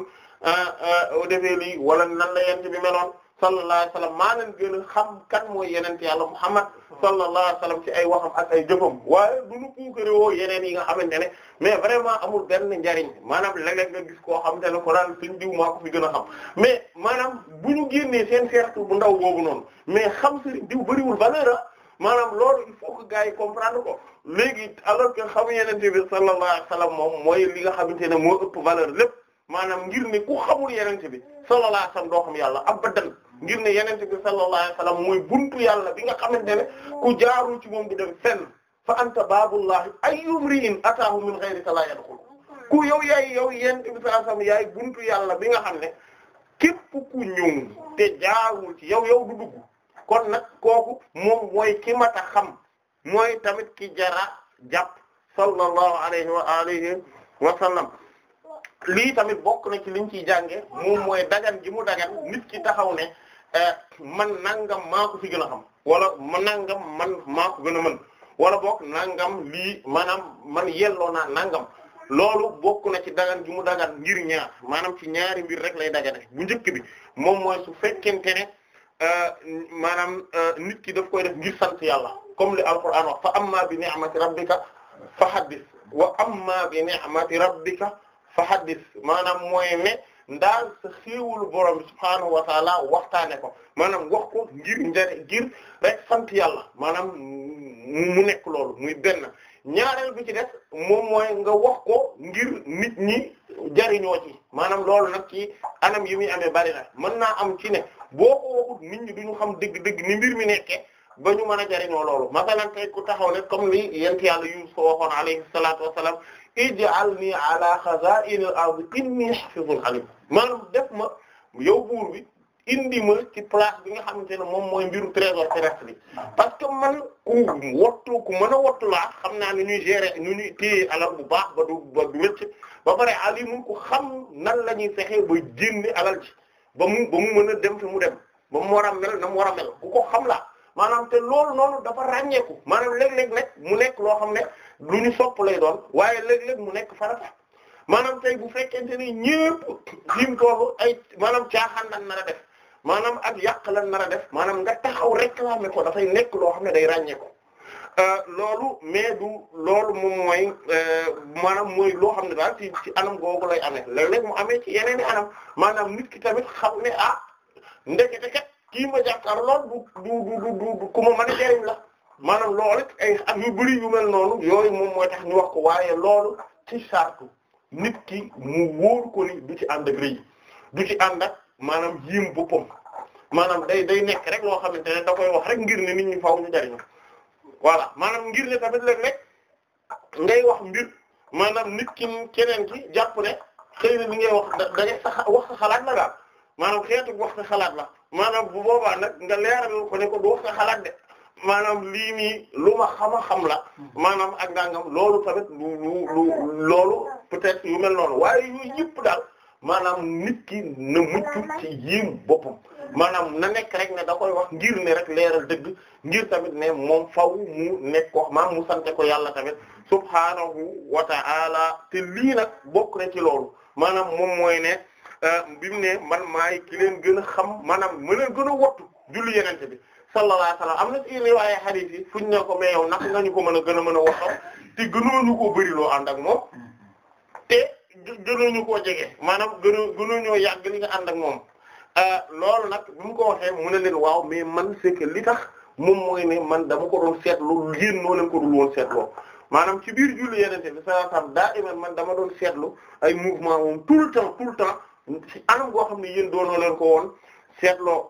S2: ah, ah, defee lii wala nan la yonent bi meloon sallallahu alayhi wa maa leen gën a xam kan mooy yenent yàlla Muhammad mm-hmm. sallallahu alayhi wa sallam ci ay waxam ak ay jëfam waaye du ñu puukarewoo yeneen yi nga xamante ne mais vraiment amul benn njariñ maanaam léeg-léeg nga gis koo xam ne ko daal suñ diw maa ko fi gën a xam mais maanaam bu ñu génnee seen seertu bu ndaw boobu noonu mais xam sëriñ diw bëriwul valeur a maanaam loo il faut que ko yi comprendre ko léegi alors que xam yenente bi sallallahu alayhi wa moom mooy li nga xamante ne moo ëpp valeur lépp maanaam ngir ne ku xamul yenente bi sallallahu alayhi wa sallam doo xam yàlla abadan ngir ne yenente bi sallallahu alayhi wasallam mooy buntu yàlla bi nga xamante ne ku jaarul ci moom du dem fenn fa anta baabullahi ayyum ri'in ataahu min ghayrika la yadkhul yow yaay yow yenente bi sallallahu alayhi buntu yàlla bi nga xam ne képp ku ñëw te jaarul ci yow yow du dugg kon nag kooku moom mooy ki mat xam mooy tamit ki jara jàpp sallallahu alayhi wa alihi wa sallam lii tamit bokk na ci liñ ciy jànge moom mooy dagan ji mu dagan nit ki taxaw ne Eh, man nangam maa ko fi gën a xam wala man nangam man maa ko gën a mën wala bokk nangam lii maanaam man yelloo naa nangam loolu bokk na ci dagan gi mu dagan ngir ñaar maanaam ci ñaari mbir rek lay dagane bu njëkk bi moom mooy su fekkente ne eh, maanaam eh, nit ki koy def ngir sant yàlla comme li alquran wax fa amma bi ni'mati rabbika fa haddis wa amma bi ni'mati rabbika fa haddis maanaam mooy ndaal sa xéewalu borom subhaanahu wa taala waxtaane ko maanaam wax ko ngir njare ngir rek sant yàlla maanaam mu nekk loolu muy benn ñaareel bi ci def mo mooy nga wax ko ngir nit ñi jariñoo ci maanaam loolu nag ci anam yi muy amee bari na mën naa am ci ne boo ko waxut nit ñi duñu xam dëgg-dëgg ni mbir mi nekkee ba ñu mën a jariñoo loolu masalan kay ku taxaw ne comme ni yent yàlla Yuusuf waxoon alayhi salaatu wassalaam ij'alnii ala xazaa'inil ardi innii hafiizun aliim maanaam def ma yow buur bi indi ma ci place bi nga xamante ne moom mooy mbiru trésor terrestre bi parce que man ku wattu ku mën a wattu laa xam naa nu ñuy gérer nu ñuy téye alal bu baax ba du ba du wëcc ba pare ali mun ko xam nan la ñuy fexee ba génne alal ci ba mu ba mu mën a dem fi mu dem ba mu war a mel na mu war a mel ku ko xam laa maanaam te loolu noonu dafa ràññeeku maanaam léeg-léeg nag mu nekk loo xam ne lu ñu sopp lay doon waaye léeg-léeg mu nekk farata maanaam tey bu fekkente ni ñëpp lim kooku ay maanaam caaxaan lan nar a def maanaam ak yàq lan nar a def maanaam nga taxaw réclamer ko dafay nekk loo xam ne day ràññee euh, loolu mais du loolu moom mooy euh, maanaam mooy loo xam ne daal ci anam googu lay amee léeg-léeg mu amee ci yeneen anam maanaam nit ki tamit xaw ne ah ndekete kat kii ma jàkkaar lool du du du du du ku ma a la maanaam loolu ay ak yu bëri yu mel noonu yooyu moom mooy tax ñu wax ko waaye loolu ci sartu nit ki mu wóor ko du ci ànd ak rëy du ci ànd ak maanaam yim boppam maanaam day day nekk rek loo xamante ne da koy wax rek ngir ne nit ñi faaw ñu jariñu voilà maanaam ngir ne tamit léeg-léeg ngay wax mbir maanaam nit ki keneen ki jàpp ne xëy na li ngay wax da da wax sa xalaat la daal maanaam xeetu wax sa xalaat la maanaam bu boobaa nag nga leeral ko ne ko du wax sa xalaat de. maanaam lii nii lu ma xama xam la hmm. maanaam ak ngàngam loolu tamit lu lu lu loolu peut-être yu mel noonu waaye yu yëpp daal maanaam nit ki na mucc ci yéem boppam maanaam na nekk rek ne da koy wax ngir ne rek leeral dëgg ngir tamit ne moom faw mu nekk maam mu sante ko yàlla tamit subhaanahu wa ta'ala te lii nag bokk na ci loolu maanaam moom mooy ne euh, bi mu ne man maay ki leen gën xam maanaam ma leen gën a wottu julli yenente bi sallallahu alayhi wa sallam am na ci riwaaye hadith yi fuñ ne ko mais yow nag nañu ko mën a gën a mën a waxoon te gënooñu koo bëriloo ànd ak moom te gënooñu koo jege maanaam gënoo gënooñoo yàgg li nga ànd ak moom euh, loolu nag bi mu ko waxee mu ne leen waaw mais man c'est que li tax moom mooy ne man dama ko doon seetlu yéen noo leen ko dul woon seetloo maanaam ci biir julli yenente bi sallallahu alayhi wa sallam daa iman man dama doon seetlu ay mouvement moom tout le temps tout le temps ci anam goo xam ne yéen doonoo leen ko woon seetloo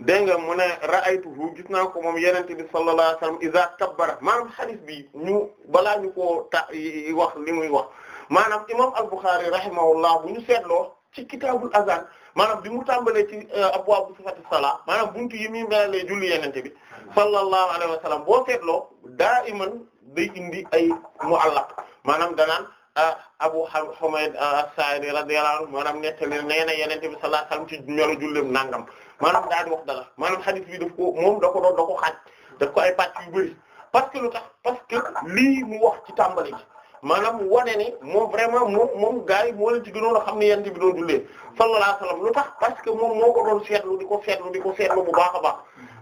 S2: dégg nga mu ne ra'aytuhu gis naa ko moom yenente bi sallallahu alayhi wasallam iza kabbara maanaam hadith bi ñu balaa ñu ko ta wax li muy wax maanaam imam al-Bukhari rahimahullah bu ñu seetloo ci kitaabul azan maanaam di mu tàmbalee ci euh, abwaabu sifati salaa maanaam buntu yi muy melalee julli yenente bi sallallahu alayhi wasallam boo seetloo daa iman day indi ay mu'allaq maanaam danaan euh, Abu Humayd euh, as-Sa'idi radiyallahu anhu maanaam nettali nee na yenente bi sallallahu alayhi wasallam ci ñoru jullem nangam maanaam daal di wax dara maanaam xadis bi daf ko moom da ko doon da ko daf ko ay pàcc yu bëri parce que lu tax parce que lii mu wax ci tàmbali gi maanaam wane ne moom vraiment moom moom gars yi moo leen ci gënoon a xam ne yent bi doon dullee sallallahu alayhi wasallam tax parce que moom moo ko doon seetlu di ko seetlu di ko seetlu bu baax a baax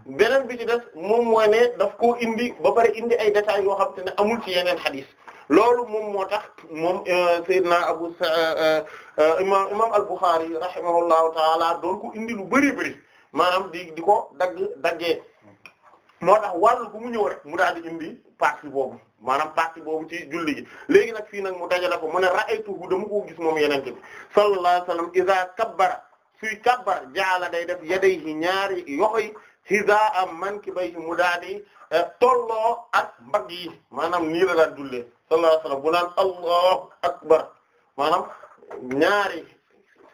S2: beneen bi ci des moom mooy ne daf koo indi ba pare indi ay détails yoo xam te ne amul ci yeneen xadis loolu moom moo tax moom euh, Seydina Abu Sa euh, euh, imam imam al-Bukhari rahimahullahu taala doon ko indi lu bëri bëri maanaam di di ko dagg daggee moo tax wàll bu mu ñëw rek mu daal di indi partie boobu maanaam partie boobu ci julli yi léegi nag fii nag mu dajale ko mu ne ra'aytuhu dama ko gis moom yenente bi sallallahu alayhi wasallam iza kabbara suy kabbar jaala day def yadayhi ñaari yoxo yi hiza am mankibayhi mu daal di eh, tolloo ak mbagg yi maanaam nii la daan jullee sallallahu bu naan allahu akbar maanaam ñaari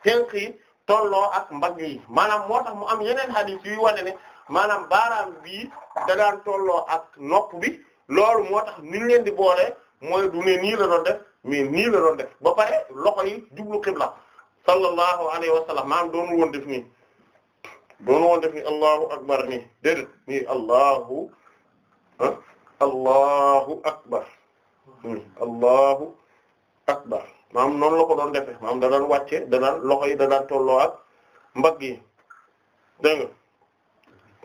S2: tenk yi tolloo ak mbagg yi maanaam moo mu am yeneen hadith yuy wane ne maanaam baaraam bii da tollo ak nopp bi loolu moo tax ni ñu leen di boolee mooy du ne nii la doon def ba pare loxo yi jublu qibla sallallahu alayhi wa sallam maanaam doonu woon def nii doonu allahu akbar nii déedéet nii allahu ah, allahu akbar allahu akbar maanaam noonu la ko doon defee maanaam da daan wàcce da daan loxo yi da daan tolloo ak mbagg yi dégg nga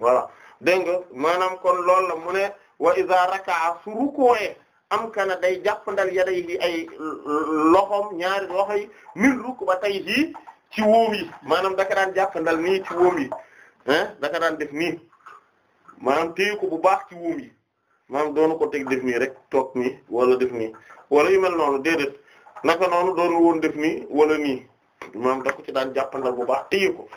S2: voilà dégg nga maanaam kon loolu la mu ne wa iza raka'a su rukkooyee am kana day jàppandal yaday yi ay loxoom ñaari loxo yi min rukk ba tey jii ci wóom yi maanaam daka daan jàppandal nii ci wóom yi ah daka daan def nii maanaam téye ko bu baax ci wóom yi maanaam doonu ko teg def nii rek toog nii wala def nii wala yu mel noonu déedéet naka noonu doonul woon def nii wala nii maanaam da ko ci daan jàppandal bu baax téye ko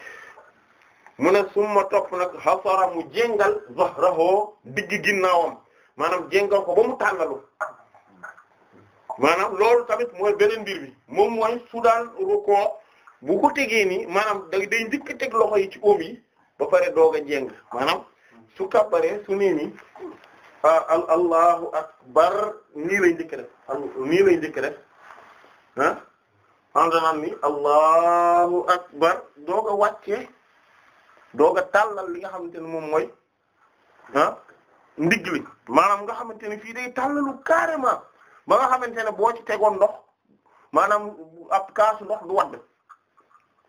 S2: mu ne suma topp nag xasara mu jéngal zahrahu digg ginnaawam maanaam jéngal ko ba mu tàngalu maanaam loolu tamit mooy beneen mbir bi moom mooy su daan rukkoo bu ko tegee nii maanaam da day njëkk teg loxo yi ci oom yi ba pare doog a jéng maanaam su kàbbaree su nee nii ah, al allahu akbar nii lay njëkk def ah en général ni allahu akbar doog a wàccee doog a tàllal li nga xamante ne moom mooy ah ndigg li maanaam nga xamante ne fii day tàllalu carrément ba nga xamante ne boo ci tegoon ndox maanaam ab kaasu ndox du wadd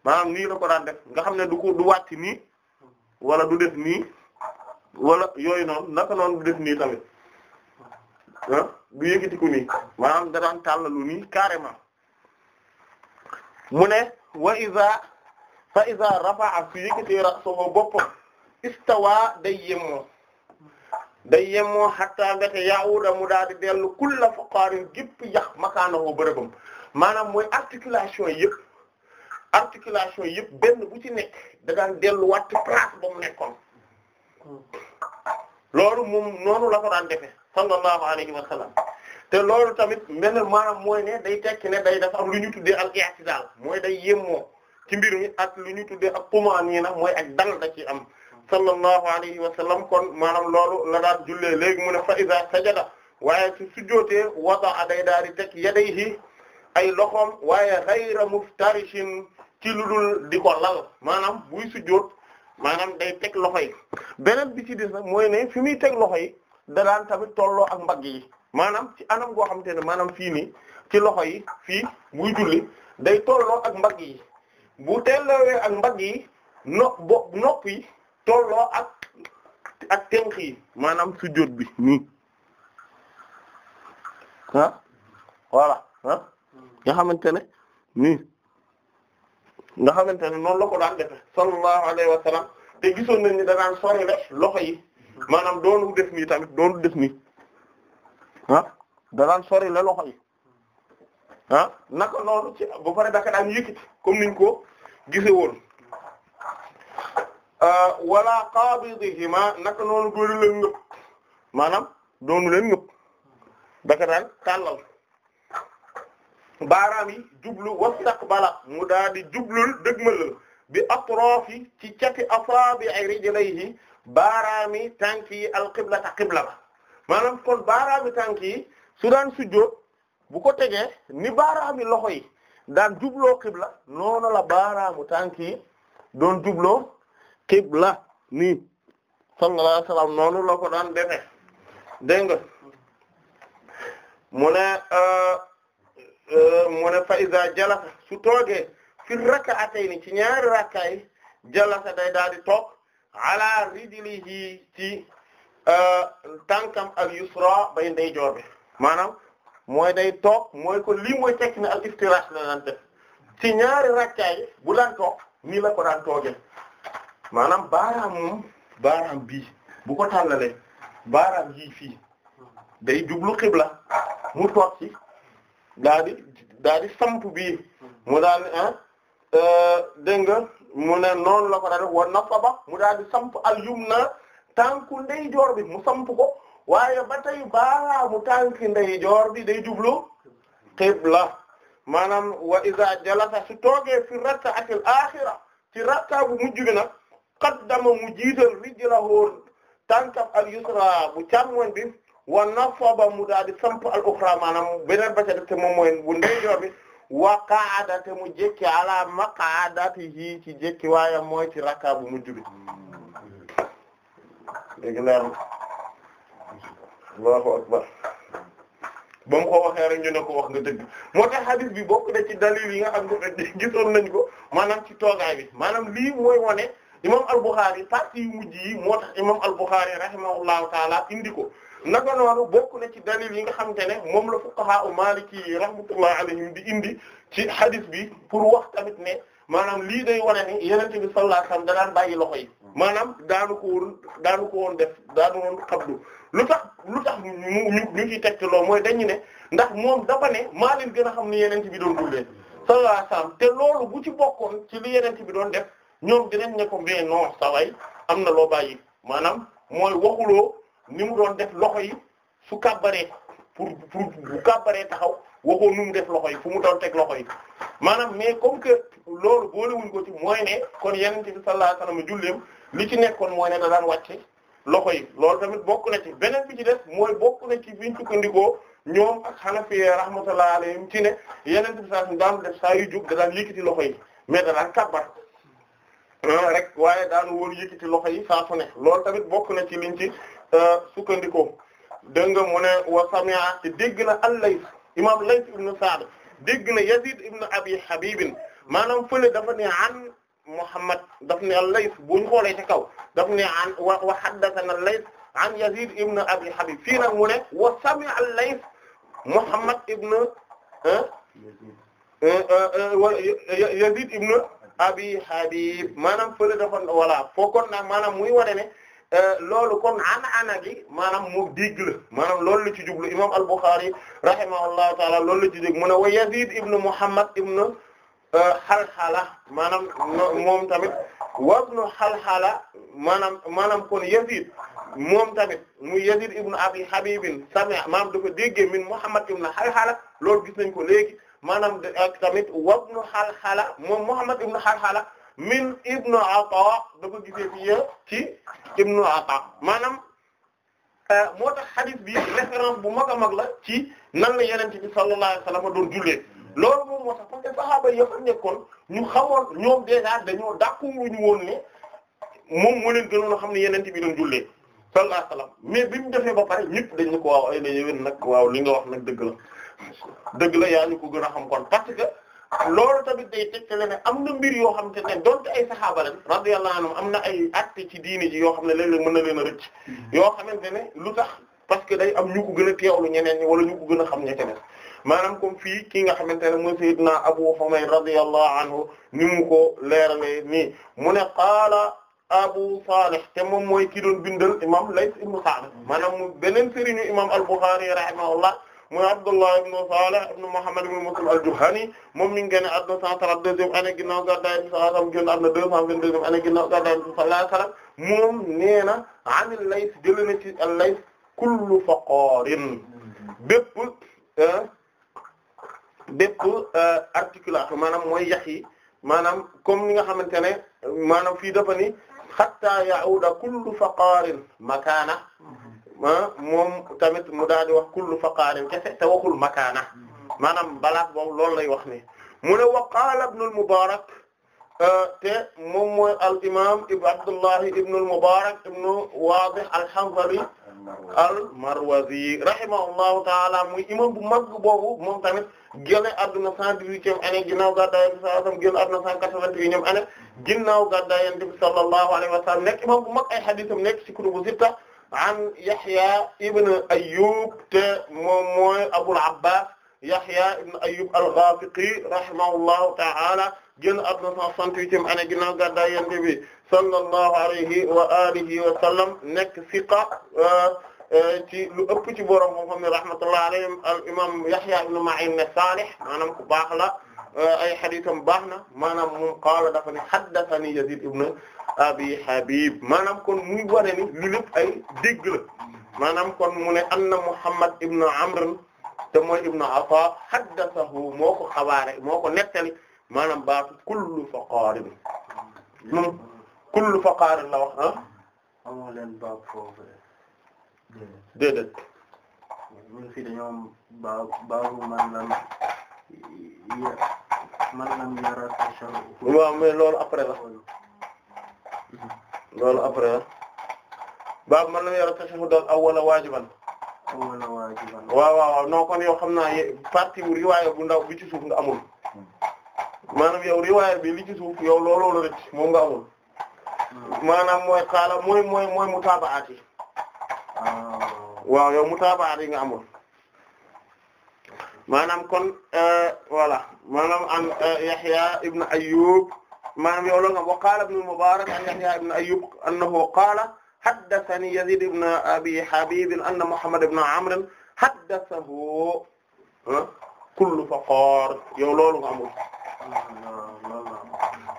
S2: maanaam nii la ko daan nga xam ne du ko du wàcc nii wala du def nii wala yooyu noonu naka noonu du def nii tamit ah du yëkkati ko nii maanaam da daan tàllalu nii carrément mu ne wa iza fa iza rafa'a su yëkkatee ra'sahu boppam istawa day yemmoo day yemmoo hatta mbete ya'uda mu daal di dellu kulla faqarin gépp yax makaanahu bërëbam maanaam mooy articulation yëpp articulation yëpp benn bu ci nekk da daan delluwaat ci place ba mu nekkoon hmm. loolu la ko daan defe sallallahu alayhi wa sallam te loolu tamit beneen maanaam mooy ne day tekki ne day dafa am lu ñu tuddee ak daal mooy day yemmoo ci mbir mi ak lu ñu tudde ak tumaaniina mooy ak dal da ci am sallallahu alayhi wa sallam kon maanaam loolu la daan jullee léegi mu ne fa iza sajada waaye su sujjootee wada'a day daal di teg yadayhi ay loxoom waaye ghayra muftarishin ci lu dul di ko lal maanaam buy sujjoot maanaam day teg loxo yi beneen bi ci des nag mooy fi muy teg loxo yi da tamit tolloo ak mbagg yi maanaam ci anam goo xamante ne maanaam fii nii ci loxo yi fii muy julli day tolloo ak mbagg yi bu teelawee ak mbagg yi no tolloo ak ak tenq yi maanaam sujjóot bi nii ah voilà ah nga xamante ne nii nga xamante ne noonu la ko daan defe sallallahu alayhi wa te gisoon ni danaan sori rek loxo yi maanaam doonu def nii tamit doonu def nii ah da daan sori la loxo yi ah naka loolu ci ba pare daan yëkkati comme niñ ko gise woon wala qabidihima naka noonu doonu leen ngëpp maanaam doonu leen ngëpp daka daan tàllal baaraam yi jublu wastaqbala mu daal di jublul dëgmalal bi atrafi ci cati asabi'i rijlayhi baaraami tànk yi alqiblata qibla ba maanaam kon baaraami tànk yi su daan sujjóot bu ko tegee ni baaraami loxo yi daan jubloo xibla noonu la baaraamu tànk yi doon jubloo xibla nii sallallahu alayhi wasallam noonu la ko daan defe dégg mu ne euh, euh, mu ne fa iza jalasa su toogee fi rak'atayn ci ñaari rakkaay jalasa day daal di toog ala rijlihi ci Euh, tànkam al yusra bay ndeyjoor bi maanaam mooy day toog mooy ko lii mooy tekki ne al iftirash la daan def ci ñaari rakkaay bu daan toog nii la ko daan toogee maanaam baaraam moom baaraam bii bu ko tàllalee baaraam yii fii day jublu xibla mu toog ci daa di samp bii mu daal ah euh, dégg nga mu ne noonu la ko daan def wa nasaba mu daal di samp al yumna tànku ndeyjoor bi mu samp ko waaye ba tey baaraamu tànki ndeyjoor bi day jublu qibla maanaam wa iza jalasa su toogee fi rak'atil axira ci rakka bu mujj bi nag qaddama mu jiital rijlahu tànkab al yusra bu càmmoñ bi wa nasaba mu daal di samp al uxra maanaam beneen ba ca def te bu ndeyjoor bi wa qaada te mu jekki ala maqaadatihi ci jekki waaye mooy ci rakka bu mujj bi léegi naan Allahu akbar ba mu waxee rek ñu ne ko wax nga dëgg moo tax hadith bi bokk na ci dalil yi nga xam ne gisoon nañ ko maanaam ci toogaay bi maanaam lii mooy wane imam al-Bukhari partie yu mujj yi moo tax imam al-Bukhari rahimahullahu taala indi ko naka noonu bokk na ci dalil yi nga xamante ne moom la fuqaha u Maliki yi rahmatullahi alayhim di indi ci hadith bi pour wax tamit ne maanaam lii day wane ni Yonent bi sallallahu alayhi wasallam da daan bàyyi loxo yi. maanaam daanu ko woon daanu ko woon def daanu woon xabdu lu tax lu tax ñu ñu ñu ciy teg loo mooy dañu ne ndax moom dafa ne maa leen gën a xam ni yeneen bi doon jullee sallallahu alayhi wasallam te loolu bu ci bokkoon ci lu yeneen bi doon def ñoom dinañ ne ko bien non saway am na loo bàyyi maanaam mooy waxuloo ni mu doon def loxo yi su kàbbaree pour pour bu kàbbaree taxaw waxoo nu mu def loxo yi fu mu doon teg loxo yi maanaam mais loolu boolewuñ ko ci mooy ne kon yeneen bi sallallahu li ci nekkoon mooy ne da daan wàcce loxo yi loolu tamit bokk na ci beneen bi ci des mooy bokk na ci biñ sukkandikoo ñoom ak Hanafi rahmatullahi alayhim ci ne yeneen bi saa daan def saa yu jóg da daan yëkkati loxo yi mais da daan kàbbar ah, rek waaye daan woon yëkkati loxo yi saa su ne loolu tamit bokk na ci liñ ci euh, sukkandikoo dégg nga mu ne wa sami'a ci dégg na al yi imam Layth ibn Sa'd dégg na Yazid ibn Abi Habib maanaam fële dafa ne an Muhammad daf ne al-Layth buñ xoolee ci kaw daf ne an wa haddathana al-Layth an Yazid ibn Abi Habib fii nag mu ne wa sami'a al-Layth Muhammad ibn eh, eh, eh, Yazid ibn Abi Habib maanaam fële dafa voilà foo kon nag maanaam muy wane ne loolu kon ana ana gi maanaam mu dégg la maanaam loolu la ci jublu imam al-Bukhari rahimahullahu ta'ala loolu la ci jublu mu ne wa Yazid ibn Muhammad ibn xalxala maanaam moom tamit wabnu xalxala maanaam maanaam kon Yazid moom tamit muy Yazid ibn Abi Habib sami maanaam dafa déggee min Muhammad ibn xalxala loolu gis nañ ko léegi maanaam ak tamit wabnu xalxala moom Muhammad ibn xalxala min ibnu Ata dafa gisee fi ci ibnu Ata maanaam euh, moo tax hadith bi référence bu mag a mag la ci nan la yeneen bi sallallahu alayhi wa sallam doon jullee. loolu moom moo tax parce que saxaaba ya fa nekkoon ñu xamoon ñoom déjà dañoo dàqu ñu woon ne moom moo leen gënoon a xam ne yeneen bi doon jullee sallallahu alayhi wasallam mais bi mu defee ba pare ñëpp dañ ne ko waaw ay la yéwén waaw li nga wax nag dëgg la dëgg la yaa ñu ko gën a xam kon parce que loolu tamit day tegtale ne am na mbir yoo xam te ne donte ay saxaaba lañ radiyallahu anhum am na ay actes ci diini yoo xam ne léeg-léeg mën na leen a rëcc yoo xamante ne lu tax parce que day am ñu ko gën a teewlu ñeneen ñi wala ñu ko gën a xam ña ca maanaam comme fii ki nga xamante ne mooy sayyidina Abu Humayd radiyallahu anhu ni mu ko leeralee nii mu ne qaala Abu Salih te moom mooy ki doon bindal imam Layth ibn Sa'd maanaam mu beneen sëriñu imam al-Bukhari rahimahullah mooy Abdullah ibn Salih ibn Muhammad ibn Muslim al-Juhani moom mi ngi génn àdduna 132e année ginnaaw gàddaay bi sallallahu alayhi wasallam génn àdduna 222e année ginnaaw gàddaay bi sallallahu alayhi wasallam moom nee na an al-Layth jëlee na ci al-Layth kullu faqarin bépp ah, bépp euh, articulation maanaam mooy yax yi maanaam comme ni nga xamante ne maanaam fii dafa ni xatta ya'uda kullu faqaarin makaana
S1: mm-hmm.
S2: ah, moom tamit mu daal di wax kullu faqaarin kese waxul makaana mm-hmm. maanaam balaax boobu loolu lay wax ni mu ne wa qaala ibn al-Mubarak euh, te moom mooy al imam Abdullahi ibn al-Mubarak ibn Wadih al marwazi rahimahullahu taala muy imam bu mag boobu moom tamit génne adduna cent dix-huitième année ginnaaw gàddaay yonent bi sallallahu alayhi wasallam génn adduna cent quatre-vingt-unième année ginnaaw gàddaay yonent bi sallallahu alayhi wasallam nekk imam bu mag ay haditham nekk ci kutubu sitta an Yahya ibn Ayyub te moom mooy Abul Abbas Yahya ibn Ayyub al-Ghafiqi rahimahullahu taala génn àdduna 168e année ginnaaw gàddaay Yonent bi sallallahu alayhi wa alihi wa sallam nekk siqa euh, euh, ci lu ëpp ci borom moo xam ne rahmatullahi alayhim al imam Yahya ibn Ma'in ne saalih maanaam ku baax la euh, ay xadiisam baax na maanaam moom qaala dafa ne haddathani Yazid ibn Abi Habib maanaam kon muy wane ni lu lépp ay dégg la maanaam kon mu ne anna Muhammad ibn Amr te mooy ibn Ata haddathahu moo ko xabaare moo ko nettali maanaam baatu kullu faqaarin moom kullu faqaarin la wax ah.
S1: amoo leen foofu de. déedéet. ñun fii dañoo baab baabu man lam man
S2: lam yara tasharu. waaw mais loolu après la. loolu après tasharu daal awwala waajiban.
S1: awwala waajiban. waaw
S2: waaw xam naa partie wu riwaaya bu ndaw bi ci suuf amul. Hmm. maanaam yow riwaaya bi li ci suuf yow looloo la rëcc moom nga amul ah. maanaam mooy xaala mooy mooy mooy mutaabaat yi ah. waaw yow mutaabaat yi nga amul maanaam kon euh, voilà maanaam an euh, Yahya ibn Ayyub maanaam yow loolu nga wa qaala ibn al-Mubarak an Yahya ibn Ayyub annahu qaala haddathani Yazid ibn Abi Habib anna Muhammad ibn Amr haddathahu kullu faqaar yow loolu nga amul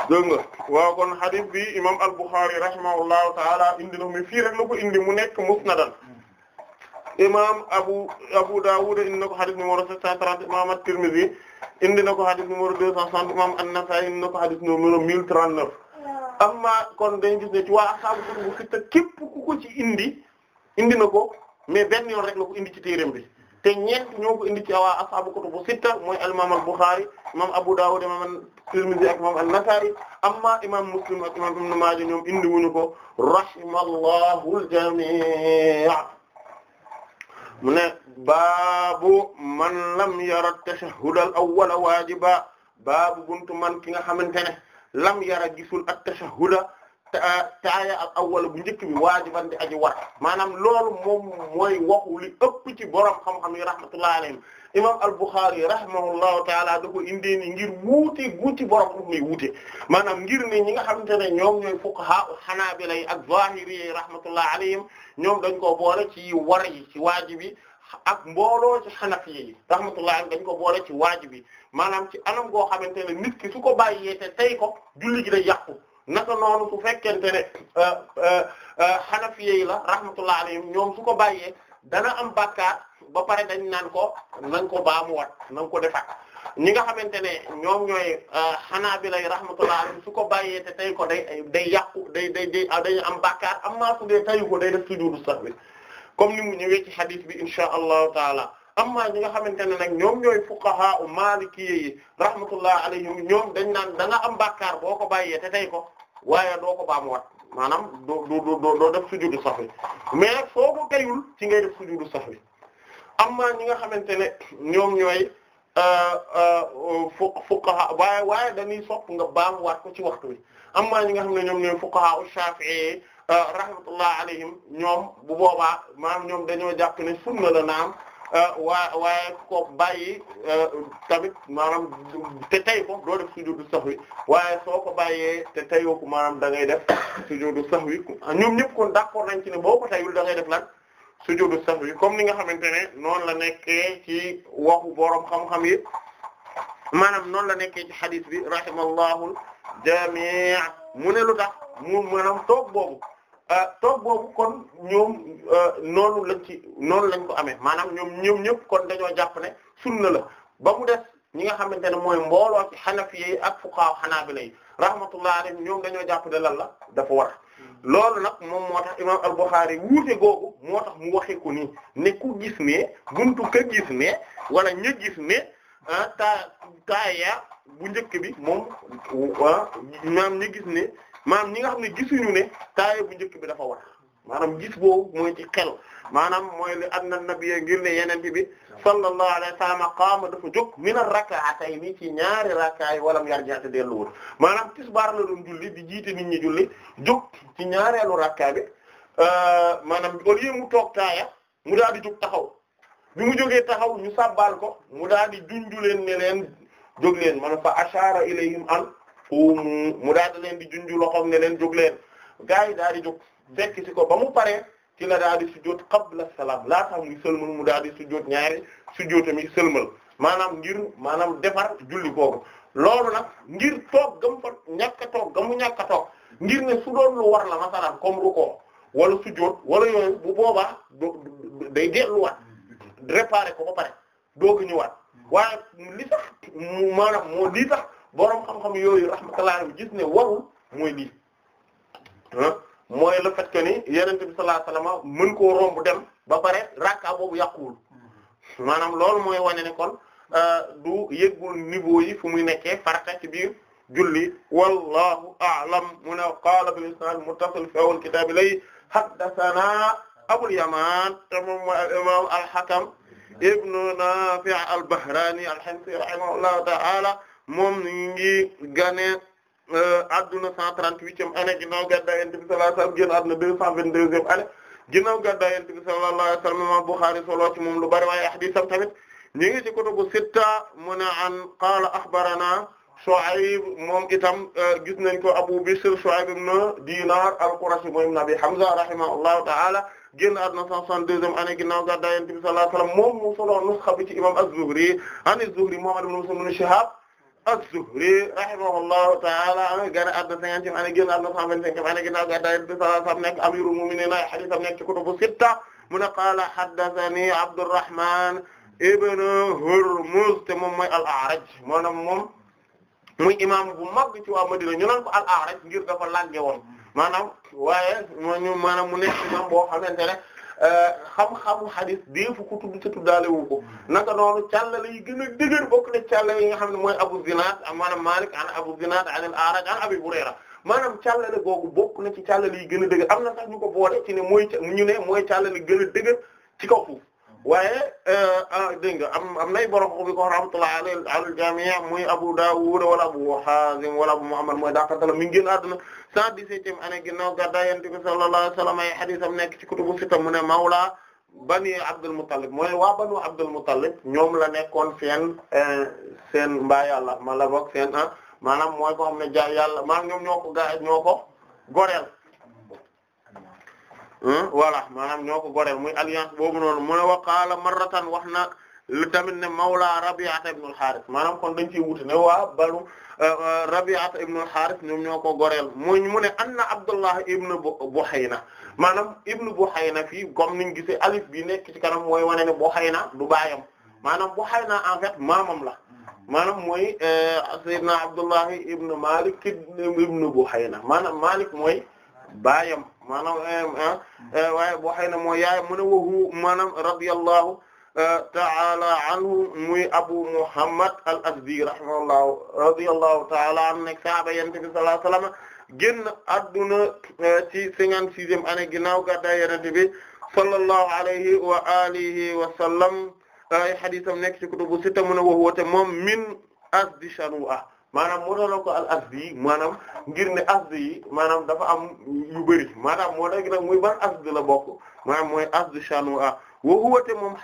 S2: dégg nga waaw kon hadith bi imam al-Bukhari rahimahullahu taala indi na mi fii rek la ko indi mu nekk musnadan imam Abu Abu Dawud indi na ko hadith numéro 730 imam at-Tirmidhi indi na ko hadith numéro 260 imam an-Nasa'i indi na ko hadith numéro 1039 amma kon dañu gis ne ci waa ashaabu kutubu sitta képp ku ci indi indi na ko mais benn yoon rek la ko indi ci téereem bi te ñeent ñoo ko indi ci waa ashaabu kutubu sitta mooy al-imam al-Bukhari imam Abu Dawud imam Tirmidhi ak imam an-Nasa'i amma imam Muslim ak imam Ibn Maaja ñoom indi wuñu ko rahimallahu al mu ne baabu man lam yara tashahhud al-awwal waajiba baabu buntu man ki nga xamante ne lam yara gisul at-tashahhud taaya euh, ak awwal bu njëkk bi waajiban di aji war maanaam loolu moom mooy waxu li ëpp ci borom xam-xam yi rahmatullahi alayhim imam al-Bukhari rahimahullahu taala da ko indee ni ngir wuute gu ci borom xam-xam yi wuute maanaam ngir ne ñi nga xamante ne ñoom ñooy fuqaha xanaabila yi ak zahiri yi rahmatullahi alayhim ñoom dañ ko boole ci war yi ci waajib yi ak mbooloo ci xanafi yi rahmatullahi alayhim dañ ko boole ci waajib yi maanaam ci anam goo xamante ne nit ki su ko bàyyee te tey ko julli gi day yàqu naka noonu su fekkente ne xanafiye euh, euh, euh, la rahmatullah alayhim ñoom su ko bàyyee dana am bàkkaar ba pare dañ naan ko na nga ko baamuwaat na nga ko defaat ñi nga xamante ne ñoom ñooy xanaabila rahmatullah alayhim su ko bàyyee te tey ko day day yàqu day day day dañu am bàkkaar am maa su dee tayu ko day def sujudu sahwi comme ni mu ñëwee ci hadith bi insha allahu taala amma ñi nga xamante ne nag ñoom ñooy fuqaha u maliki yi rahmatullah alayhim ñoom dañ naan da am bàkkaar boo ko bàyyee te tey ko waaye doo ko baamuwaat maanaam doo doo doo def sujudu sahwi mais nag soo ko tayul ci ngay def sujudu sahwi amma ñi nga xamante ne ñoom ñooy euh, euh, fu fuqaha waaye waaye dañuy sopp nga baamuwaat ko ci waxtu wi amma ñi nga xam ne ñoom ñooy fuqaha u Shafi'i euh, rahmatullah alayhim ñoom bu boobaa maanaam ñoom dañoo jàpp ne sunna naam. Euh, waa waaye ko bàyyi euh, tamit maanaam te tey ko doo def sujudu sahwi waaye soo ko bàyyee te teyoo ko maanaam da ngay def sujudu sahwi ñoom ñëpp kon d'accord nañ ci ne boo ko teyul da ngay def lan sujudu sahwi comme ni nga xamante ne noonu la nekkee ci waxu boroom xam-xam yi maanaam noonu la nekkee ci hadith bi rahimallahu jami' mu ne lu tax mu maanaam toog boobu Euh, toog boobu kon ñoom euh, noonu lañ ci noonu lañ ko amee maanaam ñoom ñëw ñëpp kon dañoo jàpp ne sunna la ba mu des ñi nga xamante ne mooy mbooloo ci xanafi yi ak fuqaha xanaabila yi rahmatullah alayhim ñoom dañoo jàpp ne lan la dafa war loolu nag moom moo tax imam al-Bukhari wuute googu moo tax mu waxee ko nii ne ku gis ne buntu ka gis ne wala ñu gis ne ah taa taaya bu njëkk bi moom ah maanaam gis ne. maanaam ni nga xam ne gisuñu ne taaya bu njëkk bi dafa wax maanaam gis boobu mooy ci xel maanaam mooy li anna nabiyya ngir ne yenente bi sallallahu alayhi wa sallam qaama dafa jóg min ar-rak'atayni ci ñaari rakkaay walam yarji te delluwul maanaam tisbaar la doon julli di jiite nit ñi julli jóg ci ñaareelu rakkaay bi euh, maanaam au mu toog mu daal di jóg taxaw bi mu jógee taxaw ñu sàbbaal ko mu daal di junju leen ne leen jóg leen maanaam fa ashaara ilayhim qumu mu daal leen di junju loxoom ne leen jóg leen gars yi daal di jóg fekk ci ko ba mu paree ci la daal di sujjóot qabla salaam laata muy sëlmal mu daal di sujjóot ñaari sujjóotam yi sëlmal maanaam ngir maanaam defar julli googu loolu nag ngir toog gam fa ñàkk toog gamu ñàkk a ngir ne su doon lu war la masalan comme ruko wala sujjóot wala yooyu bu boobaa day delluwaat réparer ko ba pare doog a ñëwaat waaye li tax maanaam moo li tax. boroom xam-xam yooyu rahmatullah bi gis ne warul mooy lii mooy le fait que ni yonent bi sallallahu mën koo romb dem ba pare rakka boobu yàquwul mm-hmm. maanaam loolu mooy wane ne kon euh, du yëggul niveau yi fu muy nekkee farata ci biir julli wallahu a'lam mu ne qaala bil isnad muttasil fi awwal kitab lay haddathana abul yaman tamam imam al hakam mm-hmm. ibnu nafi' al bahrani al hanfi rahimahullahu ta'ala moom ñu ngi gane adduna euh, 138e année ginnaaw gàddaay Yonent bi sallallahu alayhi wasallam génn adduna 222e année ginnaaw gàddaay Yonent bi sallallahu alayhi wasallam imam Bukhari solo ci moom lu bari waaye hadiisam tamit ñu ngi ci kutubu sitta mu ne an qaala axbarana Shu'ayb moom itam euh, gis nañ ko Abu Bishr Shu'ayb ibn Dinar al-Qurashi mooy ibn Abi Hamza rahimahullahu ta'ala génn àdduna 162e année ginnaaw gàddaay Yonent bi sallallahu alayhi wasallam moom mu solo nusxa bi ci imam Az-Zuhri an Az-Zuhri Muhammad ibn Muslim ibn Shihab az-Zuhri rahimahullahu ta'ala am gane adda cinquantième année génn adda cent vingt-cinquième année ginnaaw gàddaay Yonent bi sallallahu alayhi wa sallam nekk amirul mu'minin ay hadiisam nekk ci kutubu sitta mu ne qaala haddathanii Abdurrahman ibn Hurmuz te moom mooy al-A'raj maanaam moom muy imam bu mag ci waa Madina ñu naan ko al-A'raj ngir dafa làgge woon maanaam waaye ñu maanaam mu nekk imam boo xamante ne Euh, xam-xamu xadis deefu ko tudd te tuddaale wu ko naka noonu càllale yi gën a dëgër bokk na càllale yi nga xam ne mooy Abu Zinaad maanaam Maalik an Abu Zinaad an al-A'raj an Abi Hurayra maanaam càllale googu bokk na ci càllale yi gën a dëgër am na sax ñu ko boole ci ne mooy ñu ne mooy càllale gën a dëgër ci kaw foofu waaye euh, ah, dégg nga am am nay borom ko bi ko rahmatullahi alayhi al jami' muy Abu Dawud wala Abu Hazim wala Abu Muhammad mooy daqatala mi ngi génn àdduna cent dix-septième année ginnaaw gàddaay Yonent bi sallallahu alayhi wa sallam ay hadith am nekk ci kutubu sitta mu ne mawla bani Abdul Muttalib mooy waa banu Abdul Muttalib ñoom la nekkoon seen euh, seen mbaa yàlla mala la bokk seen ah maanaam mooy ko xam ne jaay yàlla maa ñoom ñoo ko gaa ñoo ko goreel voilà maanaam ñoo ko goreel muy alliance boobu noonu mu ne wa qaala marratan wax na tamit ne mawla Rabi'ata ibn al-Harith maanaam kon dañ ciy wuute ne waa balu euh, euh, Rabi'ata ibn al-Harith ñoo ko goreel muy mu ne anna Abdullah ibn Buhayna maanaam ibn Buhayna fii comme niñ gisee alif bi nekk ci kanam mooy wane ne Buhayna du baayam maanaam Buhayna en fait maamam la maanaam mooy euh, Sayyidina Abdullah ibn Malik ibn Buhayna maanaam Malik mooy baayam maanaam eh, eh, eh, waaye boo xëy na mooy yaayam mu ne wahu maanaam radiyallahu ta'ala anhu muy Abu Muhammad al-Azdi rahimahullahu radiyallahu ta'ala anhu saaba yonent bi sallallahu alayhi adduna ci cinquante-sixième année ginnaaw gàddaay yonent bi sallallahu alayhi wa alihi wa sallam ay hadiisam nekk ci kutubu sitta mu ne wahu te min azdi Shanu'a maanaam moo tax ko al asdi yi maanaam ngir ne asdi yi maanaam dafa am yu bëri maanaam moo tax nag muy ban asdi la bokk maanaam mooy asdi chanoa wa huwa te moom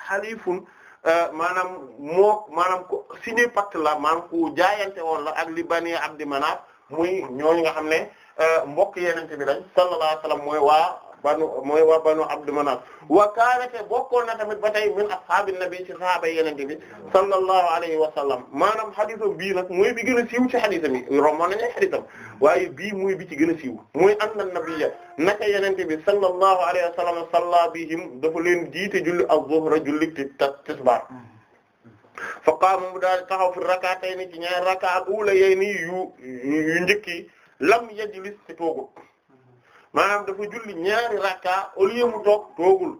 S2: e maanaam moo maanaam ko signé pacte la maanaam ko jaayante woon la ak li bani Abdi Manaf muy ñooñu nga xam ne euh, mbokk yenente bi lañ sallallahu alayhi wasallam mooy waa banu mooy waa banu Abdu Manaf wa kaanate bokkoon na tamit ba tey min ashaabi nabi ci sahaaba yenente bi sallallahu alayhi wa sallam maanaam xadisam bii nag mooy bi gën a siiw ci xadisam yi romboon nañu xadisam waaye bii bi ci gën a siiw mooy anna nabiyya naka yenente bi sallallahu alayhi wa sallam salla bihim dafa leen jiite julli az-zuhra julli ti tisbaar fa qaama mu daal taxaw fi rakaatayni ci ñaari lam yajlis ci toogut maanaam dafa julli ñaari rakka au mu toog toogul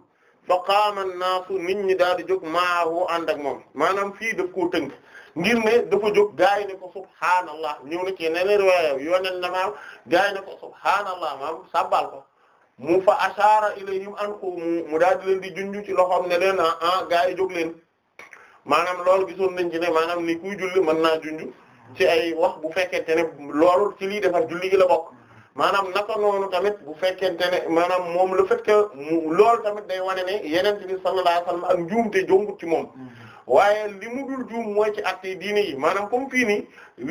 S2: fa qaama naasu nit ñi daal di jóg maahu ànd ak moom maanaam fii daf koo tënk ngir ne dafa jóg gaay ne ko subhaanallah ñëw na ci neneen riwaaya yonen na maam gaay ne ko subhaanallah maam sabbal ko mu fa ashaara ilayhim an qumu mu daal di leen di junju ci loxoom ne leen ah, ah gaay jóg leen maanaam loolu gisoon nañ ci ne maanaam ni kuy julli mën naa junju ci ay wax bu fekkente ne lool ci lii defar julli gi la bokk maanaam naka noonu tamit bu fekkee ne maanaam moom le fait que loolu tamit day wane ne yeneen bi sallallahu alayhi wasallam ak njuumte jombut ci moom mm-hmm. waaye li mu dul juum mooy ci actes yi diine yi maanaam comme fii nii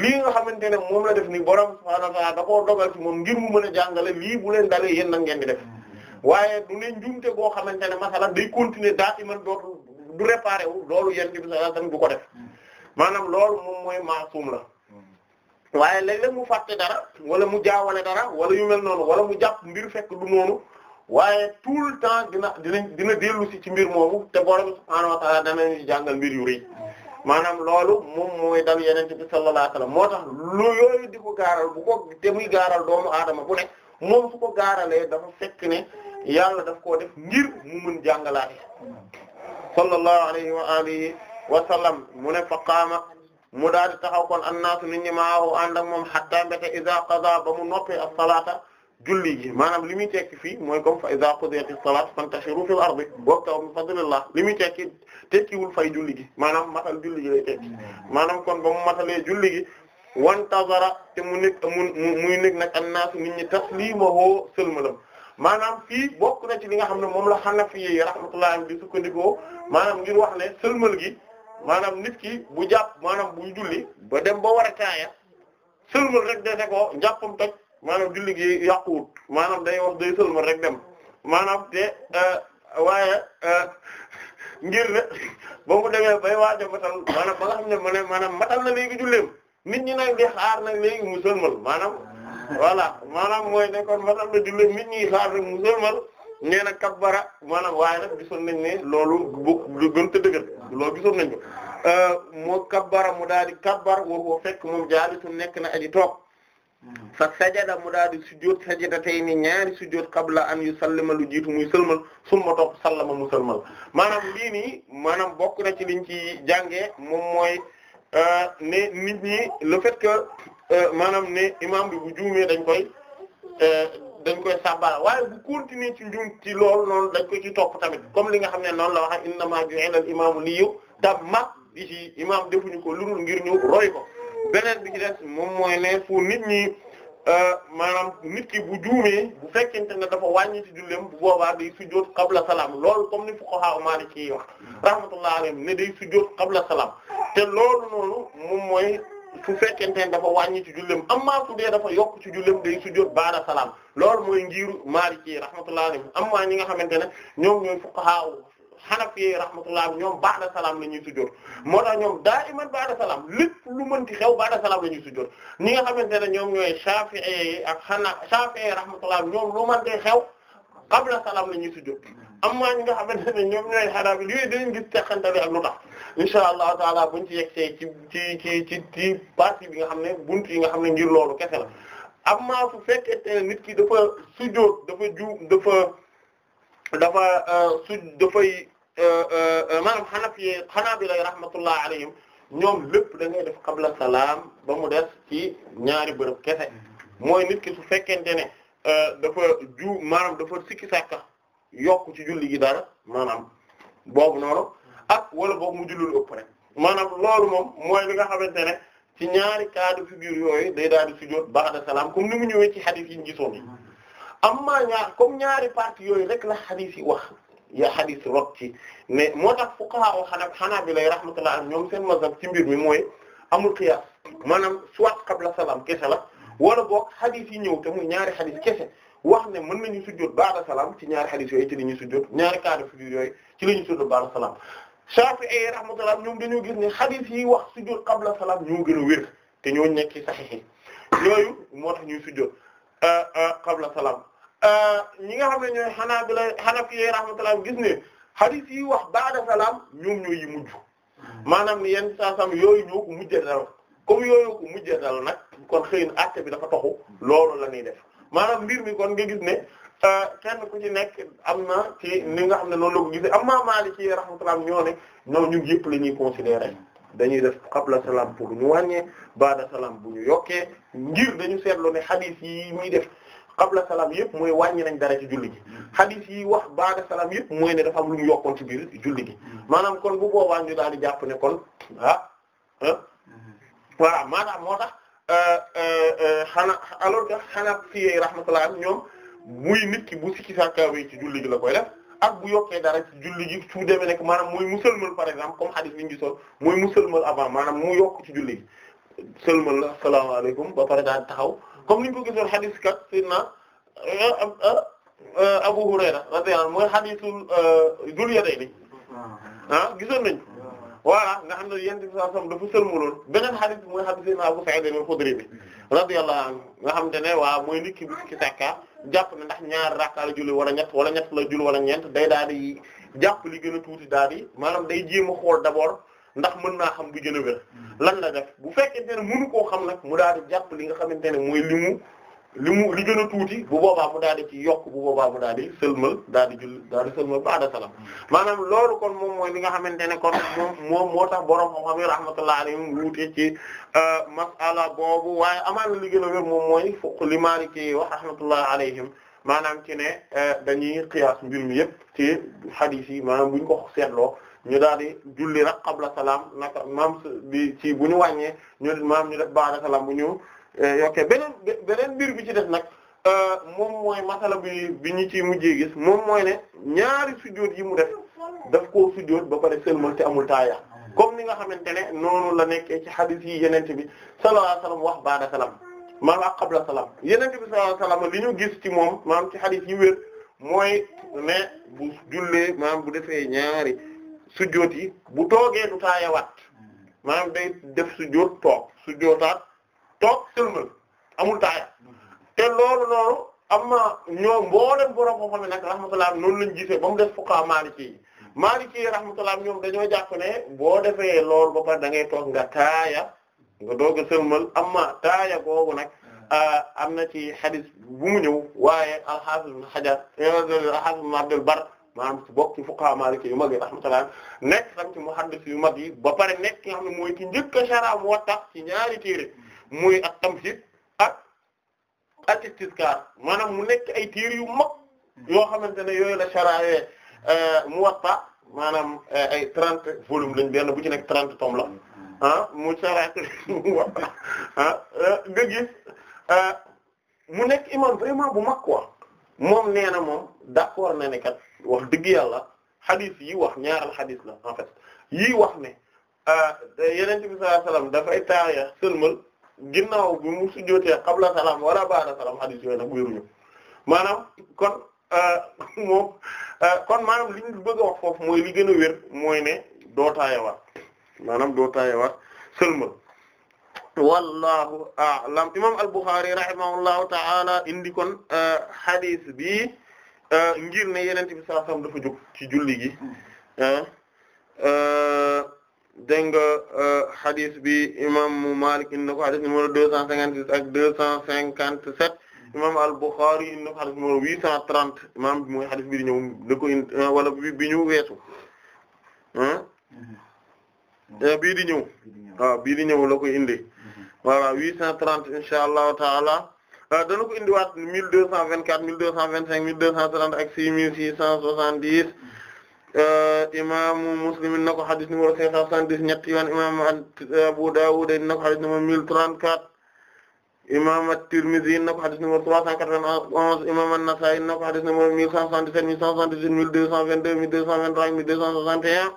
S2: lii nga xamante ne moom la def nii borom subhaanahu wa ta'aala da koo dogal ci moom ngir mu mën a jàngale lii bu leen dalee yéen nag ngeen di def mm-hmm. waaye du ne njuumte boo xamante ne masala day continuer daa iman dootu du réparé wu loolu yeneen bi sallallahu alayhi wasallam du ko def
S1: mm-hmm.
S2: maanaam loolu moom mooy maasum la waaye léeg mu fàtte dara wala mu jaawale dara wala yu mel noonu wala mu jàpp mbir fekk du noonu waaye tout le temps dina dina dina dellu si ci mbir moomu te borom subhaanahu wa ta'aala danañu jàngal mbir yu maanaam loolu moom mooy dal yeneen bi sallallahu alayhi moo tax lu yooyu di ko gaaral bu ko te muy gaaral doomu aadama bu nekk moom su ko gaaralee dafa fekk ne yàlla daf koo def ngir mu mën jàngalaate sallallahu alayhi wa alihi wa mu ne fa qaama mu daal di taxaw kon annaasu nit ñi maahu ànd ak moom hatta mbete iza qada ba mu noppee as-salaata julli maanaam li muy tekki fii mooy comme fa iza qudiyati as-salaatu fantashiru fil ardi wabtagu min fadlillah li muy tekki tekkiwul fay julli gi maanaam matal julli gi lay tekki maanaam kon ba mu matalee julli gi wantazara te mu nekk mu muy nekk nag annaasu nit ñi tasliimahoo sëlmalam maanaam fii bokk na ci li nga xam ne moom la Hanafi yi rahmatullahi di sukkandikoo maanaam ngir wax ne sëlmal gi maanaam nit ki bu jàpp maanaam bu julli ba dem ba war a taaya sëlmal rek dese ko njàppam toj maanaam julli gi yàquwut maanaam day wax day sëlmal rek dem maanaam te euh, waaye euh, ngir ne ba mu demee bay waaj a matal maanaam ba nga xam ne ma maanaam matal na léegi julleem nit ñi nag di xaar nag léegi mu sëlmal maanaam voilà maanaam mooy ne kon matal na julleem nit ñi xaar rek mu sëlmal nee na kabbara maanaam waaye nag gisoon nañ ne loolu bu gën te dëggal loolu gisoon nañ ko euh, moo kabbara mu daal di kabbar wa huwa fekk moom nekk na aji toog sa sajada mu daal di sujjóot sajdatayni ñaari sujjóot qabla an yusallima lu jiitu muy sëlmal summa toog sallama mu sëlmal maanaam lii nii maanaam bokk na ci liñ ci jàngee moom mooy euh, ne nit ñi le fait que euh, maanaam ne imam bi bu juumee dañ koy dañ koy sàbbal waaye bu continuer ci njuum ci loolu noonu dañ ko ci topp tamit comme li nga xam ne noonu la waxe innama ju'ila al imaamu li yiw ma mag ici imam defuñu ko lurul ngir ñu roy ko beneen bi ci des moom mooy ne pour nit ñi euh, maanaam nit ki bu juumee bu fekkente ne dafa wàññi ci julleem bu boobaa day sujjóot qabla salaam loolu comme ni fuqaha maliki yi wax rahmatullah alayhim ne day sujjóot qabla salaam te loolu noonu moom mooy fu fekkente ne dafa wàññi ci jullem amma fu dee dafa yokk ci jullem day sujjóot baada salaam loolu mooy ngiru Maliki rahmatullah alayhim amma ñi nga xamante ne ñoom ñooy fuqaha Hanafi rahmatullah ñoom baada salaam la ñuy sujjóot moo tax ñoom daa'iman baada salaam lépp lu mënti xew baada salaam la ñuy sujjóot ni nga xamante ne ñoom ñooy Shafi'i ak Hanafi Shafi'i rahmatullah ñoom lu mënti xew qabla salaam la ñu sujjóot am maa ñi nga xamante ne ñoom ñooy xanaa yooyu dinañ gis teqantale ak lu tax insha allah taala buñ ci yegsee ci ci ci ci ci partie bi nga xam ne bunt yi nga xam ne ngir loolu kese la am maa su fekkee nit ki dafa sujjóot dafa ju dafa dafa euh, su dafay euh, euh, maanaam xanafi xanaabila rahmatullah ñoom lépp da def qabla mu des ci ñaari bërëb kese mm-hmm. mooy nit ki su fekkente ne dafa ju maanaam dafa sikki yokk ci julli gi dara maanaam boobu noonu ak wala boobu mu jullul ëpp rek maanaam loolu moom mooy li nga xamante ne ci ñaari cas de figure yooyu day daal di sujjóot ba'da salaam comme ni mu ñëwee ci xadis yi ñu gisoon am amma ñaar comme ñaari parties yooyu rek la xadis yi wax ya xadis rot ci mais moo tax fuqaha o xanaa xanaa bi lay rahmatullah am ñoom seen mazhab ci mbir mi mooy amul qiyaas maanaam soit qabla salaam kese la wala boog xadis yi ñëw te muy ñaari xadis kese wax ne mën nañu sujjóot ba'da salaam ci ñaari hadith yooyu ci la ñuy sujjóot ñaari cas de figure yooyu ci la ñuy sujjóot ba'da salaam Shafi'i rahmatullah ñoom dañoo gis ne hadith yi wax sujjóot qabla salaam ñoo gën a wér te ñoo nekk ci sahih yi yooyu moo tax ñuy sujjóot euh, euh, qabla salaam euh, ñi nga xam ne ñooy Hanabila Hanafi rahmatullah gis ne hadith yi wax ba'da salaam ñu ñu yi mujj maanaam ni yenn saa sam yooyu ñoo ko mujj dal comme yooyu ko mujjee dal nag kon xëy na acte bi dafa taxu loolu la ñuy def maanaam mbir mi kon nga gis ne euh, kenn ku ci nekk am na ci ni nga xam ne noonu la ko gisee ci Maliki rahmatullah ñoo ne ñoom ñun yëpp la ñuy considérer dañuy def qabla salaam pour ñu wàññee baada salaam bu ñu yokkee ngir dañu seetlu ne hadith yi muy def qabla salaam yëpp mooy wàññi nañ dara ci julli gi hadith mm. yi wax baada salaam yëpp mooy ne dafa am lu ñu yokkoon ci biir julli gi mm. maanaam kon bu boobaa ñu daal di jàpp ne kon ah ah mm. voilà moo tax Euh, euh, euh, xana alors que xanaa fiyey rahmatullah ñoom muy nit ki bu sikki sàkkaawee ci julli gi la koy def ak bu yokkee dara ci julli gi su demee nekk maanaam muy mu sëlmal par exemple comme hadith bi ñu gisoon muy mu sëlmal avant mu yokk ci julli gi sëlmal la asalaamaaleykum ba pare daal taxaw comme ni ñu ko gisoon hadith kat sidna Abu Hurayra radiyallahu anhu mooy hadithul dul yadayni ah, ah gisoon nañ voilà nga xam ne yonent bi sallallahu alayhi wasallam dafa sëlmuloon beneen hadith mooy hadith Seydina Abu Sa'id al-Khudri bi radiyallahu anhu nga xam te ne waa mooy nit ki bu ci takka jàpp ne ndax ñaar rakka la julli wala ñett wala ñett la julli wala ñeent day daal di jàpp li gën a tuuti daal di maanaam day jéem a xool d'abord ndax mën naa xam bu gën a wér hmm. lan la def bu fekkee ne mënu koo xam nag mu daal di jàpp li nga xamante ne mooy li li mu li gën a tuuti bu boobaa mu daal di ci yokk bu boobaa mu daal di sëlmal daal di julli daal di sëlmal ba'da salaam maanaam loolu kon moom mooy li nga xamante ne kon moom moom moo tax borom xam-xam yi rahmatullahi alayhim wuute ci euh, mas'ala boobu waaye amaana li gën a wér moom mooy fuq li Maliki wax rahmatullahi alayhim maanaam ci ne euh, dañuy qiyaas mbir mi yëpp ci hadith yi maanaam bu ñu ko seetloo. ñu daal di julli rek qabla salaam naka maam ci bu ñu wàññee ñu maam ñu def baada salaam yokkee eh, beneen beneen mbir bi ci def nag eh, moom mooy masala bi bi ñu ci mujjee gis moom mooy ne ñaari sujjóot yi mu def daf koo sujjóot ba pare sëlmal te amul taaya comme ni nga xamante ne noonu la nekkee ci hadith yi yenente bi sallallahu alayhi wasallam wax baada salaam maanaam qabla salaam yenente bi sallallahu alayhi wasallam li ñu gis ci moom maanaam ci hadith yi wér mooy ne bu jullee maanaam bu defee ñaari sujjóot yi bu toogee du taayawaat maanaam day def sujjóot toog sujjóotaat toog sëlmal amul taaya te loolu noonu am na ñoo mboolem borom moo xam ne nag rahmatullah noonu lañ gisee ba mu def fuqaa Maliki yi Maliki yi rahmatullah ñoom dañoo jàpp ne boo defee loolu ba pare da ngay nga taaya nga doog a sëlmal taaya googu nag ah, am na ci xadis bu mu ñëw waaye al-Hafiz Ibn Hajar al-Hafiz Ibn Abdul ci bokk ci fuqaha Maliki yu mag yi rahmatullah nekk tam ci muhaddis yu mag yi ba pare nekk ki nga xam ne mooy ki njëkk a Shara Muwatta ci ñaari téere muy ak tamhid ak ak istizkar maanaam mu nekk ay tiir yu mag yoo xamante ne yooyu la sharaawe euh, Muwatta maanaam euh, ay trente volume lañ benn bu ci nekk trente tome la ah mu sharaawe Muwatta ah euh, nga gis mu nekk imam vraiment bu mag quoi moom nee na moom d'accord na ne kat wax dëgg yàlla xadis yi wax ñaaral xadis la en wax yeneen bi sallallahu alayhi wasallam dafay taaya sëlmal ginnaaw bi mu sujjóotee qabla salaam wala ba'da salaam hadith yooyu nag wéeruñu maanaam kon euh, moom euh, kon maanaam li ñu bëgg a wax foofu mooy li gën a wér mooy ne doo taayawaat maanaam doo taayawaat sëlmal wallahu a'lam imam al rahimahullahu ta'ala indi kon euh, bi ngir ne yeneen bi sallallahu alayhi wasallam jóg ci julli gi dégg nga euh, hadith bi imaamu Malik indi na ko hadith numéro deux cent cinquante six ak deux cent cinquante sept imaam al-Bukhari indi na ko hadith numéro huit cent trente imaam bi mooy hadith bi di ñëw da euh, wala bi ñu weesu ah di ñëw waaw ah, di ñëw la ko indi mm-hmm. voilà huit cent trente insha allahu taala dana ko indiwaat mille deux cent vingt quatre mille deux cent vingt cinq mille deux cent trente ak six mille six cent soixante dix Eh, imaamu Muslim na ko xadis numéro cinq cent soixante-dix ñetti yoon imaamu eh, Abu Dawud na ko xadis numéro mille trente-quatre imam At-Tirmidhi na ko xadis numéro trois cent quatre-vingt-onze imam An-Nasa'i na ko xadis numéro mille cent soixante-dix-sept mille cent soixante-dix-huit mille deux cent vingt-deux mille deux cent vingt-trois mille deux cent soixante et un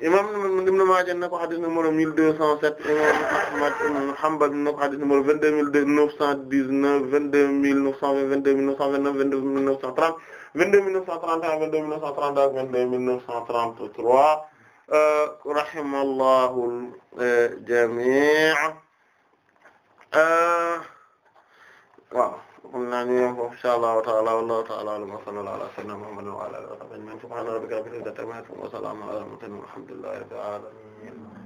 S2: imam Ibn Maaja na ko xadis numéro mille deux cent sept imam Ahmad ibn Hanbal na ko xadis numéro vingt-deux mille neuf cent dix-neuf vingt-deux mille neuf cent vingt vingt-deux mille neuf cent vingt-neuf vingt-deux mille neuf cent trente 22 931 22 932 22 933 euh, rahimallahu al-jamii' euh, euh, waaw xam naa ñu ko insha Allahu ta'ala wallahu ta'ala a'lam wa sallallahu
S1: ala sayyidina Muhammadin wa ala alihi wa sahbihi subhana rabbika rabbil izzati amma yasifun wa salamun ala al-mursalin walhamdulillahi rabbil alamin